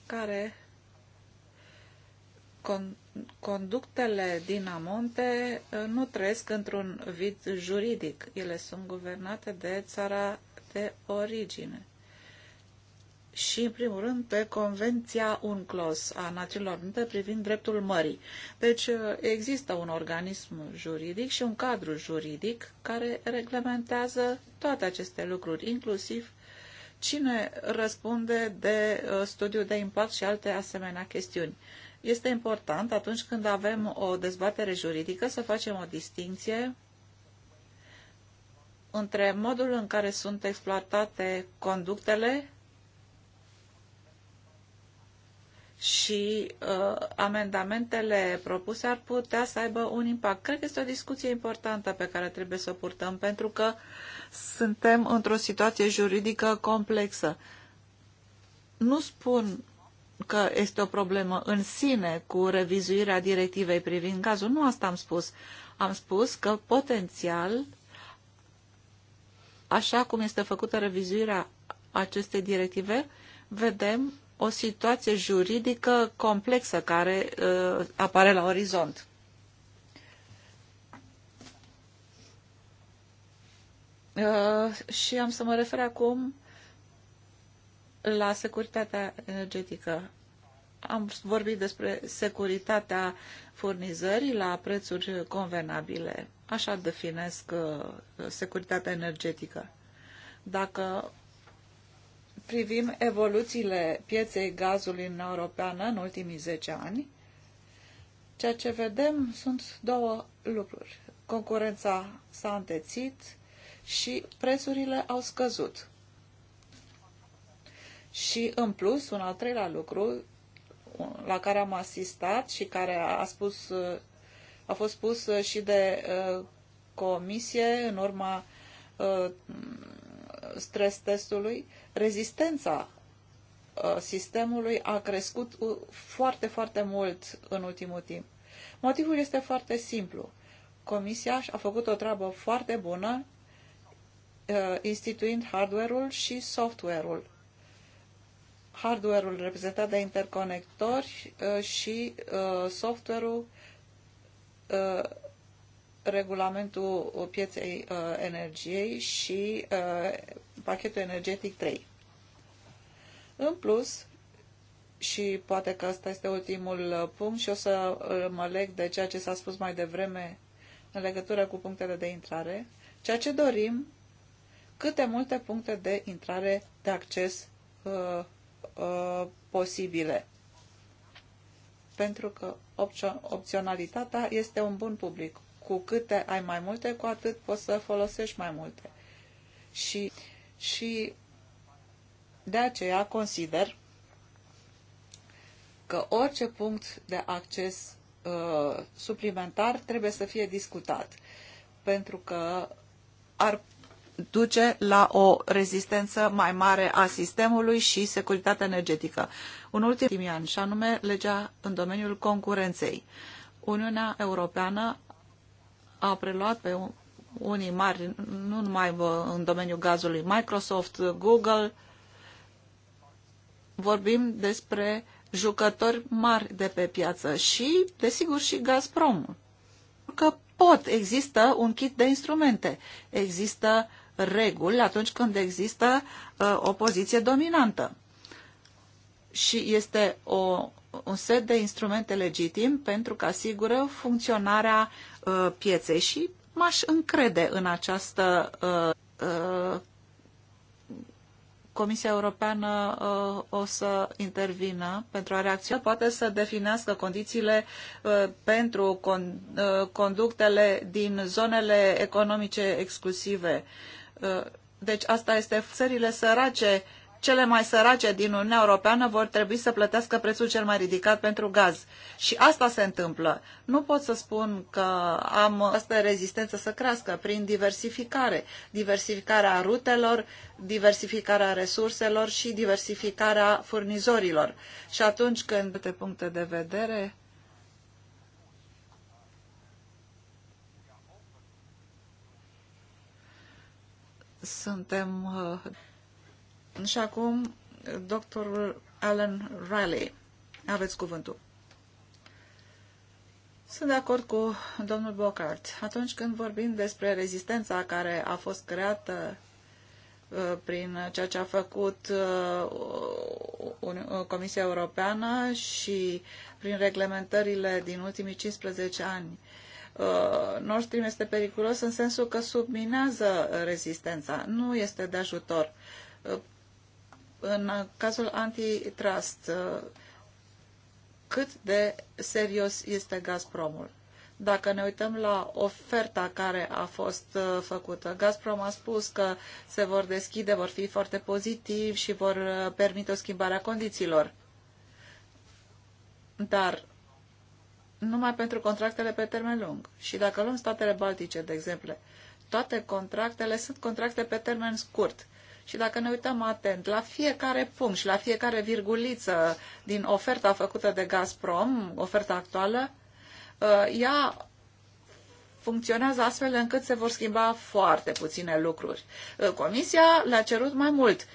Care con- conductele din Amonte uh, nu trăiesc într-un vid juridic. Ele sunt guvernate de țara de origine. Și, în primul rând, pe Convenția UNCLOS a Națiunilor Unite privind dreptul mării. Deci uh, există un organism juridic și un cadru juridic care reglementează toate aceste lucruri, inclusiv cine răspunde de uh, studiu de impact și alte asemenea chestiuni. Este important atunci când avem o dezbatere juridică să facem o distinție între modul în care sunt exploatate conductele și uh, amendamentele propuse ar putea să aibă un impact. Cred că este o discuție importantă pe care trebuie să o purtăm, pentru că suntem într-o situație juridică complexă. Nu spun că este o problemă în sine cu revizuirea directivei privind gazul. Nu asta am spus. Am spus că potențial, așa cum este făcută revizuirea acestei directive, vedem o situație juridică complexă care uh, apare la orizont. Uh, și am să mă refer acum la securitatea energetică. Am vorbit despre securitatea furnizării la prețuri convenabile. Așa definesc uh, securitatea energetică. Dacă privim evoluțiile pieței gazului în europeană în ultimii 10 ani, ceea ce vedem sunt două lucruri. Concurența s-a întețit și prețurile au scăzut. Și în plus, un al treilea lucru la care am asistat și care a, spus, a fost spus și de comisie în urma stres testului, rezistența sistemului a crescut foarte, foarte mult în ultimul timp. Motivul este foarte simplu. Comisia a făcut o treabă foarte bună instituind hardware-ul și software-ul hardware-ul reprezentat de interconectori uh, și uh, software-ul uh, regulamentul pieței energiei și pachetul energetic 3. În plus, și poate că ăsta este ultimul punct și o să mă leg de ceea ce s-a spus mai devreme în legătură cu punctele de intrare, ceea ce dorim, câte multe puncte de intrare de acces uh, uh, posibile. Pentru că opționalitatea este un bun public. Cu câte ai mai multe, cu atât poți să folosești mai multe. Și, și de aceea consider că orice punct de acces uh, suplimentar trebuie să fie discutat. Pentru că ar duce la o rezistență mai mare a sistemului și securitatea energetică. Un ultim an, și anume legea în domeniul concurenței. Uniunea Europeană a preluat pe unii mari, nu numai în domeniul gazului, Microsoft, Google. Vorbim despre jucători mari de pe piață și, desigur, și Gazprom. Că pot, există un kit de instrumente, există uh, reguli atunci când există uh, o poziție dominantă. Și este o, un set de instrumente legitim pentru că asigură funcționarea uh, pieței și m-aș încrede în această uh, uh, Comisia Europeană uh, o să intervină pentru a reacționa, poate să definească condițiile uh, pentru con, uh, conductele din zonele economice exclusive. Uh, Uh, deci asta este țările sărace, cele mai sărace din Uniunea Europeană vor trebui să plătească prețul cel mai ridicat pentru gaz. Și asta se întâmplă. Nu pot să spun că am asta rezistență să crească prin diversificare. Diversificarea rutelor, diversificarea resurselor și diversificarea furnizorilor. Și atunci când, de puncte de vedere, Suntem... Uh, și acum, doctorul Alan Riley. Aveți cuvântul. Sunt de acord cu domnul Bocart. Atunci când vorbim despre rezistența care a fost creată uh, prin ceea ce a făcut uh, uh, Comisia Europeană și prin reglementările din ultimii 15 ani, Uh, Nord Stream este periculos în sensul că subminează rezistența. Nu este de ajutor. Uh, în cazul antitrust, uh, cât de serios este Gazpromul? Dacă ne uităm la oferta care a fost făcută, Gazprom a spus că se vor deschide, vor fi foarte pozitivi și vor permite o schimbare a condițiilor. Dar numai pentru contractele pe termen lung. Și dacă luăm statele baltice, de exemplu, toate contractele sunt contracte pe termen scurt. Și dacă ne uităm atent la fiecare punct și la fiecare virguliță din oferta făcută de Gazprom, oferta actuală, uh, ea funcționează astfel încât se vor schimba foarte puține lucruri. Uh, Comisia le-a cerut mai mult